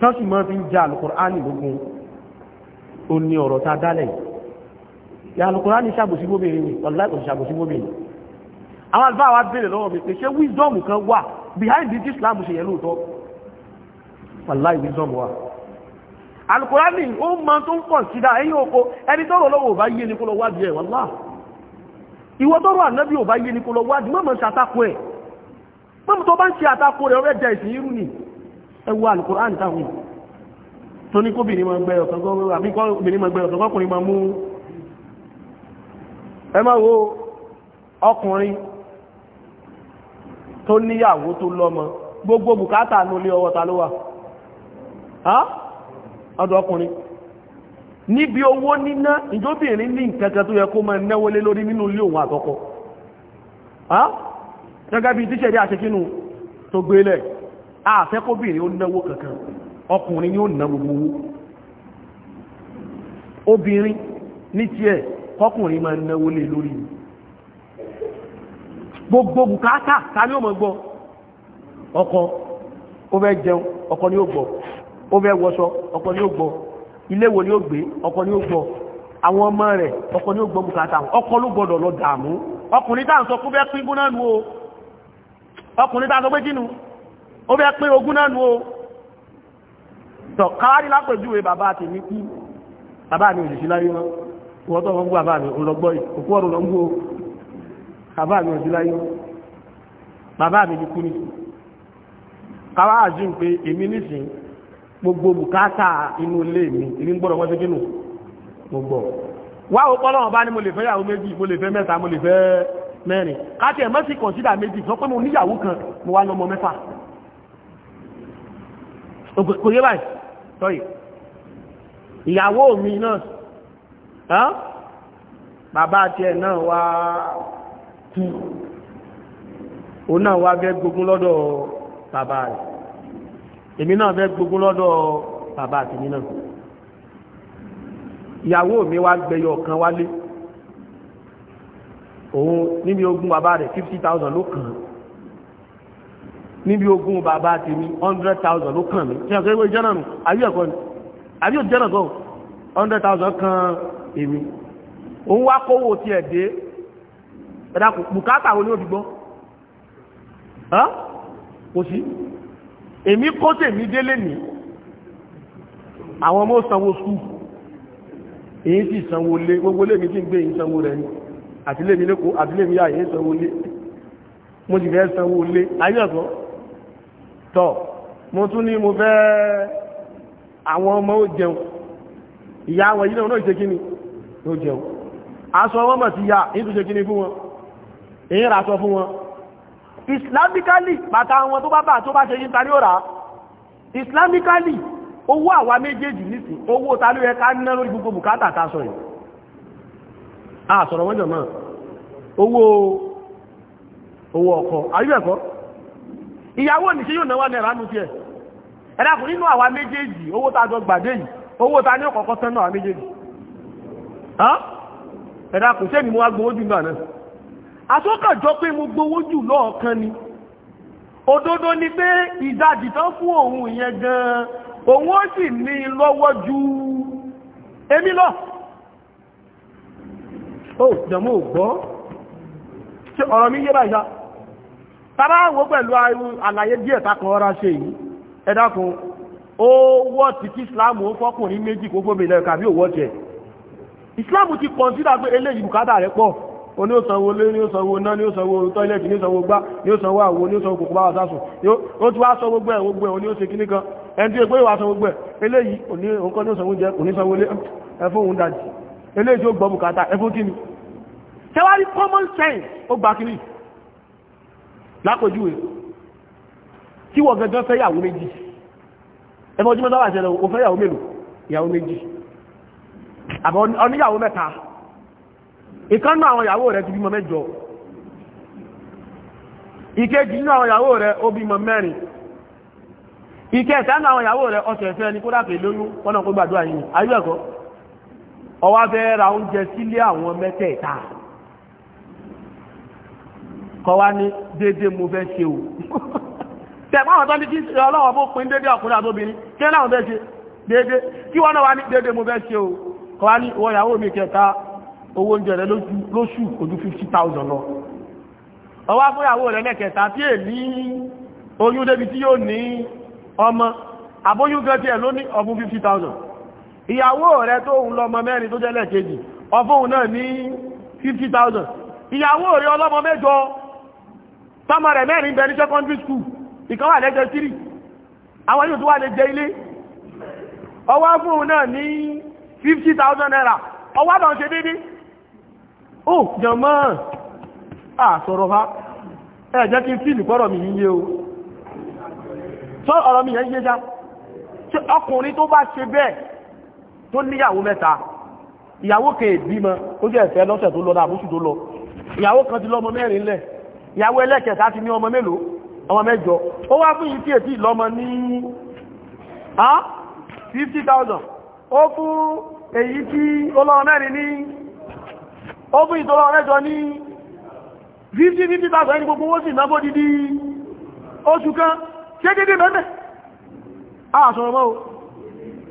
tán sì máa fi ń ja alukur'ani lógun ó ní ọ̀rọ̀ tá dálẹ̀ yìí alukur'ani ṣàbòsí bóbìnrin ni ọ̀láìkò ṣàbòsí bóbìnrin àwọn àlùfáà wa béèrè lọ́wọ́ mi pé ṣé wisdom kan wà behind this Islam ṣe yẹ lóòótọ́ wàláì wisdom wà alukur'ani ó máa tó ń pọ̀ ni kó lọ wádìí ẹ̀ wàlá ìwọ tọ́rọ ànábì ò bá yé ni kó lọ wádìí mọ́mọ́ ṣe àtakò ẹ̀ mọ́mọ́ tó bá ń ṣe àtakò ẹwọ alukur'an táwọn tó ní kóbìnrin ma gbẹ ọ̀sọ̀gọ́ àbí kóbìnrin ma gbẹ ọ̀sọ̀gọ́ ọkùnrin ma mú ẹ máa wo gbogbo bukata ní ọwọ́ ta ló wà ọdọ̀ ọkùnrin níbi owó níná ní tó yẹ kó náwó lé lórí nínú ilé òun gẹ́gẹ́ bí àṣekínú tó àfẹ́kọ́bìnrin ó náwó kankan ọkùnrin ni ó ná gbogbo owó obìnrin ní tí ẹ̀ kọkùnrin máa náwó lé lórí gbogbo bùkátà ta ni ó mọ̀ gbọ́ ọkọ ó fẹ́ jẹun ọkọ ni ó gbọ́ ó fẹ́ wọṣọ ọkọ ni ó gbọ́ ilé wo ni ó gbé ọkọ ni ó gbọ́ àwọn ọmọ rẹ̀ ọkọ ni ó gbọ́ bùkátà ọkọ ló gbọ́dọ̀ lọ dààmú ọkùnrin táà ń sọ kó fẹ́ pín gbóná nu o ọkùnrin táà sọ pé kínú ó bẹ́ pé ogún náà nú o tọ̀kárí lápẹ̀júwe bàbá tèmi kú bàbá mi òjìṣí láyé wọn wọ́n tọ́ wọn gbọ́ bàbá mi òlọgbọ́ òkú ọ̀rọ̀ lọ́gbọ́ bàbá mi òjìṣí láyé wọn bàbá mi ti kú ní káwá àjùm pé èmi nísìn gbogbo bùkátà inú ilé mi èmi gbọ́dọ̀ wọ́n ṣe kínú gbogbo wá o pọ́lọ́ wọn bá mo lè fẹ́ yàwó méjì mo lè fẹ́ mẹ́ta mo lè fẹ́ mẹ́rin káàtì ẹ̀ mọ́sí méjì sọ pé mo níyàwó kan mo wá lọ́mọ mẹ́fà kò báyìí sọ́yì ìyàwó mi náà bàbá àti ẹ̀ náà wá kú o náà wá fẹ́ gbógun lọ́dọ̀ bàbá rẹ̀ èmi náà fẹ́ gbógun lọ́dọ̀ bàbá àti mi náà ìyàwó mi wá gbẹyọ kan wálé òun níbi ogún bàbá rẹ̀ 50,000 ló kàn án níbi ogún bàbá ti ní 100,000 ló kàn mí tí a kẹ́gbẹ́ jẹ́nà nù ayé ẹ̀kọ́ ni ayé ò jẹ́nà tó 100,000 kan èmi òun wá kówó ti ẹ̀dẹ́ ẹ̀dá bùkátà wo ni ó ti gbọ́ kò sí èmi kó tèmi délé ní àwọn ọmọ sanwó skú èyí sì sanwó lé gbogbo lé tí ń gbé èyí sanwó rẹ̀ ni àtìlé mi lẹ́kọ̀ọ́ àtìlé mi yá èyí sanwó lé mo sì fẹ́ sanwó lé ayé ẹ̀kọ́ tọ́ mo tún ní mo fẹ́ àwọn ọmọ ó jẹun ìyá àwọn yìí náà ìṣe kíni ó jẹun aṣọ wọn mọ̀ sí ya èyí tó ṣe kíni fún wọn èyí rà aṣọ fún wọn islamically bàtà wọn tó bá bà tó bá ṣe yín ta ní òrà islamically owó àwa méjèèjì nìsí owó ta ló yẹ ká ná lórí gbogbo bùkátà ta sọ yìí a sọ̀rọ̀ wọ́n jọ̀ náà owó owó ọkọ̀ ayú ẹ̀kọ́ ìyàwó nìṣẹ́ yóò náwà náírà nù tiẹ̀ ẹ̀dàkùn nínú àwa méjèèjì owó tá a jọ gbàdé yìí owó ta ní ọ̀kọ̀ọ̀kan tán náà méjèèjì ẹ̀dàkùn ṣé ni mo wá gbowó jù náà náà àtọ́kà jọ pé mo gbowó jù lọ́ọ̀kan ni òdodo ni pé ìdajì tán fún òun ìyẹn gan-an òun ó sì ní lọ́wọ́ ju èmi lọ ó jẹ̀mú ò gbọ́ ṣé ọ̀rọ̀ mi yé báyìí tàbá wo pẹ̀lú àlàyé díẹ̀ takọ̀ ọ̀rá ṣe yìí ẹ dákun ó wọ́ ti kí islamu ó fọ́kùnrin méjì kó gómìnà ẹ̀ka bí òwọ́ islamu ti kọ̀nsídà pé eléyìí bùkátà rẹ̀ pọ̀ o ní ó sanwó lé ní ó sanwó ná ní ó sanwó tọ́ílẹ̀tì ní ó sanwó gbá ní ó sanwó àwo ní ó sanwó kòkòrò àwọn sásùn ó ti wá sọ gbogbo ẹ̀ gbogbo ẹ̀ o ní ó ṣe kíní kan ẹni tí ó gbé ìwà sọ gbogbo ẹ̀ eléyìí òní òǹkọ́ ní ó sanwó jẹ kò ní sanwó lé ẹfún òun dájì eléyìí tí ó gbọ́ bùkátà ẹfún kíni common sense ó gbà lápòjúwe tí wọ́n gangan fẹ́ yàwó méjì ẹgbẹ́ ojúmọ́ dáwà o fẹ́ yàwó mélòó yàwó méjì àbọ̀ oníyàwó mẹ́ta àwọn yàwó rẹ̀ ti bímọ mẹ́jọ àwọn yàwó rẹ̀ ó bímọ mẹ́rin ìkẹta àwọn yàwó rẹ̀ kọ́ wá ní dédé mo fẹ́ ṣe o tẹ̀gbọ́n àwọn tó ní kí ṣe ọlọ́wọ́ bó pin dédé ọkùnrin àtóbìnrin kí láwọn fẹ́ ṣe dédé kí wọ́n náà wá ní dédé mo fẹ́ ṣe o kọ́ wá ní ìwọ ìyàwó mi kẹta owó oúnjẹ rẹ lóṣù ojú 50,000 lọ ọwá fún ìyàwó rẹ lẹ́kẹta tí è ní oyún débi tí yóò ní ọmọ àbóyún gan tí ẹ̀ ló ní ọmú 50,000 ìyàwó rẹ tó ń lọmọ mẹ́rin tó jẹ́ lẹ́kejì ọfóhun náà ní 50,000 ìyàwó rẹ ọlọ́mọ mẹ́jọ tọ́mọ rẹ̀ mẹ́rin bẹ ní secondary school ìkan wà lẹ́jọ́ tírì àwọn yóò tó wà lè jẹ ilé ọwọ́ fún òun náà ní 50,000 naira ọwọ́ àbọn ṣe dédé ó jọmọ́ àsọ̀rọ̀ ha ẹ jẹ́ kí n fíìlì pọ́rọ̀ mi yíye o tó ọ̀rọ̀ mi yẹn yé já ọkùnrin tó bá ṣe bẹ́ẹ̀ tó níyàwó mẹ́ta ìyàwó kèèdì mọ́ ó jẹ́ ẹ̀fẹ́ lọ́sẹ̀ tó lọ àbúṣù tó lọ ìyàwó kan ti lọ́mọ mẹ́rin lẹ̀ ìyàwó ẹlẹ́kẹta ti ní ọmọ mélòó ọmọ mẹ́jọ ó wá fún yìí tí ètí ìlọ́mọ ní 50,000 ó fún èyí tí ọlọ́rọ̀ mẹ́rin ní ó fún ìtọ́lọ́rọ̀ mẹ́jọ ní 50,000 ní gbogbo ó sì náà bó dídí oṣù kan ṣe dédé mẹ́mẹ́ àṣọ̀rọ̀ o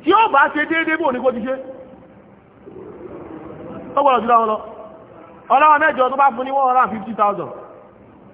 tí ó bá ṣe dédé bò ní kó ti ṣe ó gbọ́dọ̀ jùlọ ọlọ́rọ̀ mẹ́jọ tó bá fún ní 150,000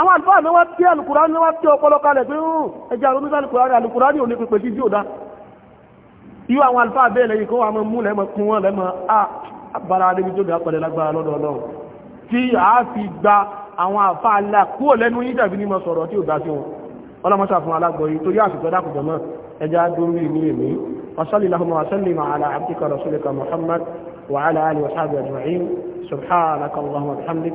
àwọn àlùfáà ni wọ́n tí alùkùránì ni wọ́n tí ọpọlọ kalẹ̀ pé ó ẹjẹ́ àrùn mísà alùkùránì alùkùránì ò ní pípẹ̀ tí yóò dá irú àwọn àlùfáà bẹ́ẹ̀ lẹ́yìn kó àwọn mú lẹ́mọ̀ kún wọn lẹ́mọ̀ àbára ah, adébí tó dá pẹ̀lẹ̀ lágbára lọ́dọ̀ Ọlọ́run tí a fi gba àwọn àfa alá kúrò lẹ́nu yín dàbí ní mọ sọ̀rọ̀ tí ò dá sí wọn على عبدك رسولك محمد وعلى آله وصحبه أجمعين سبحانك اللهم وبحمدك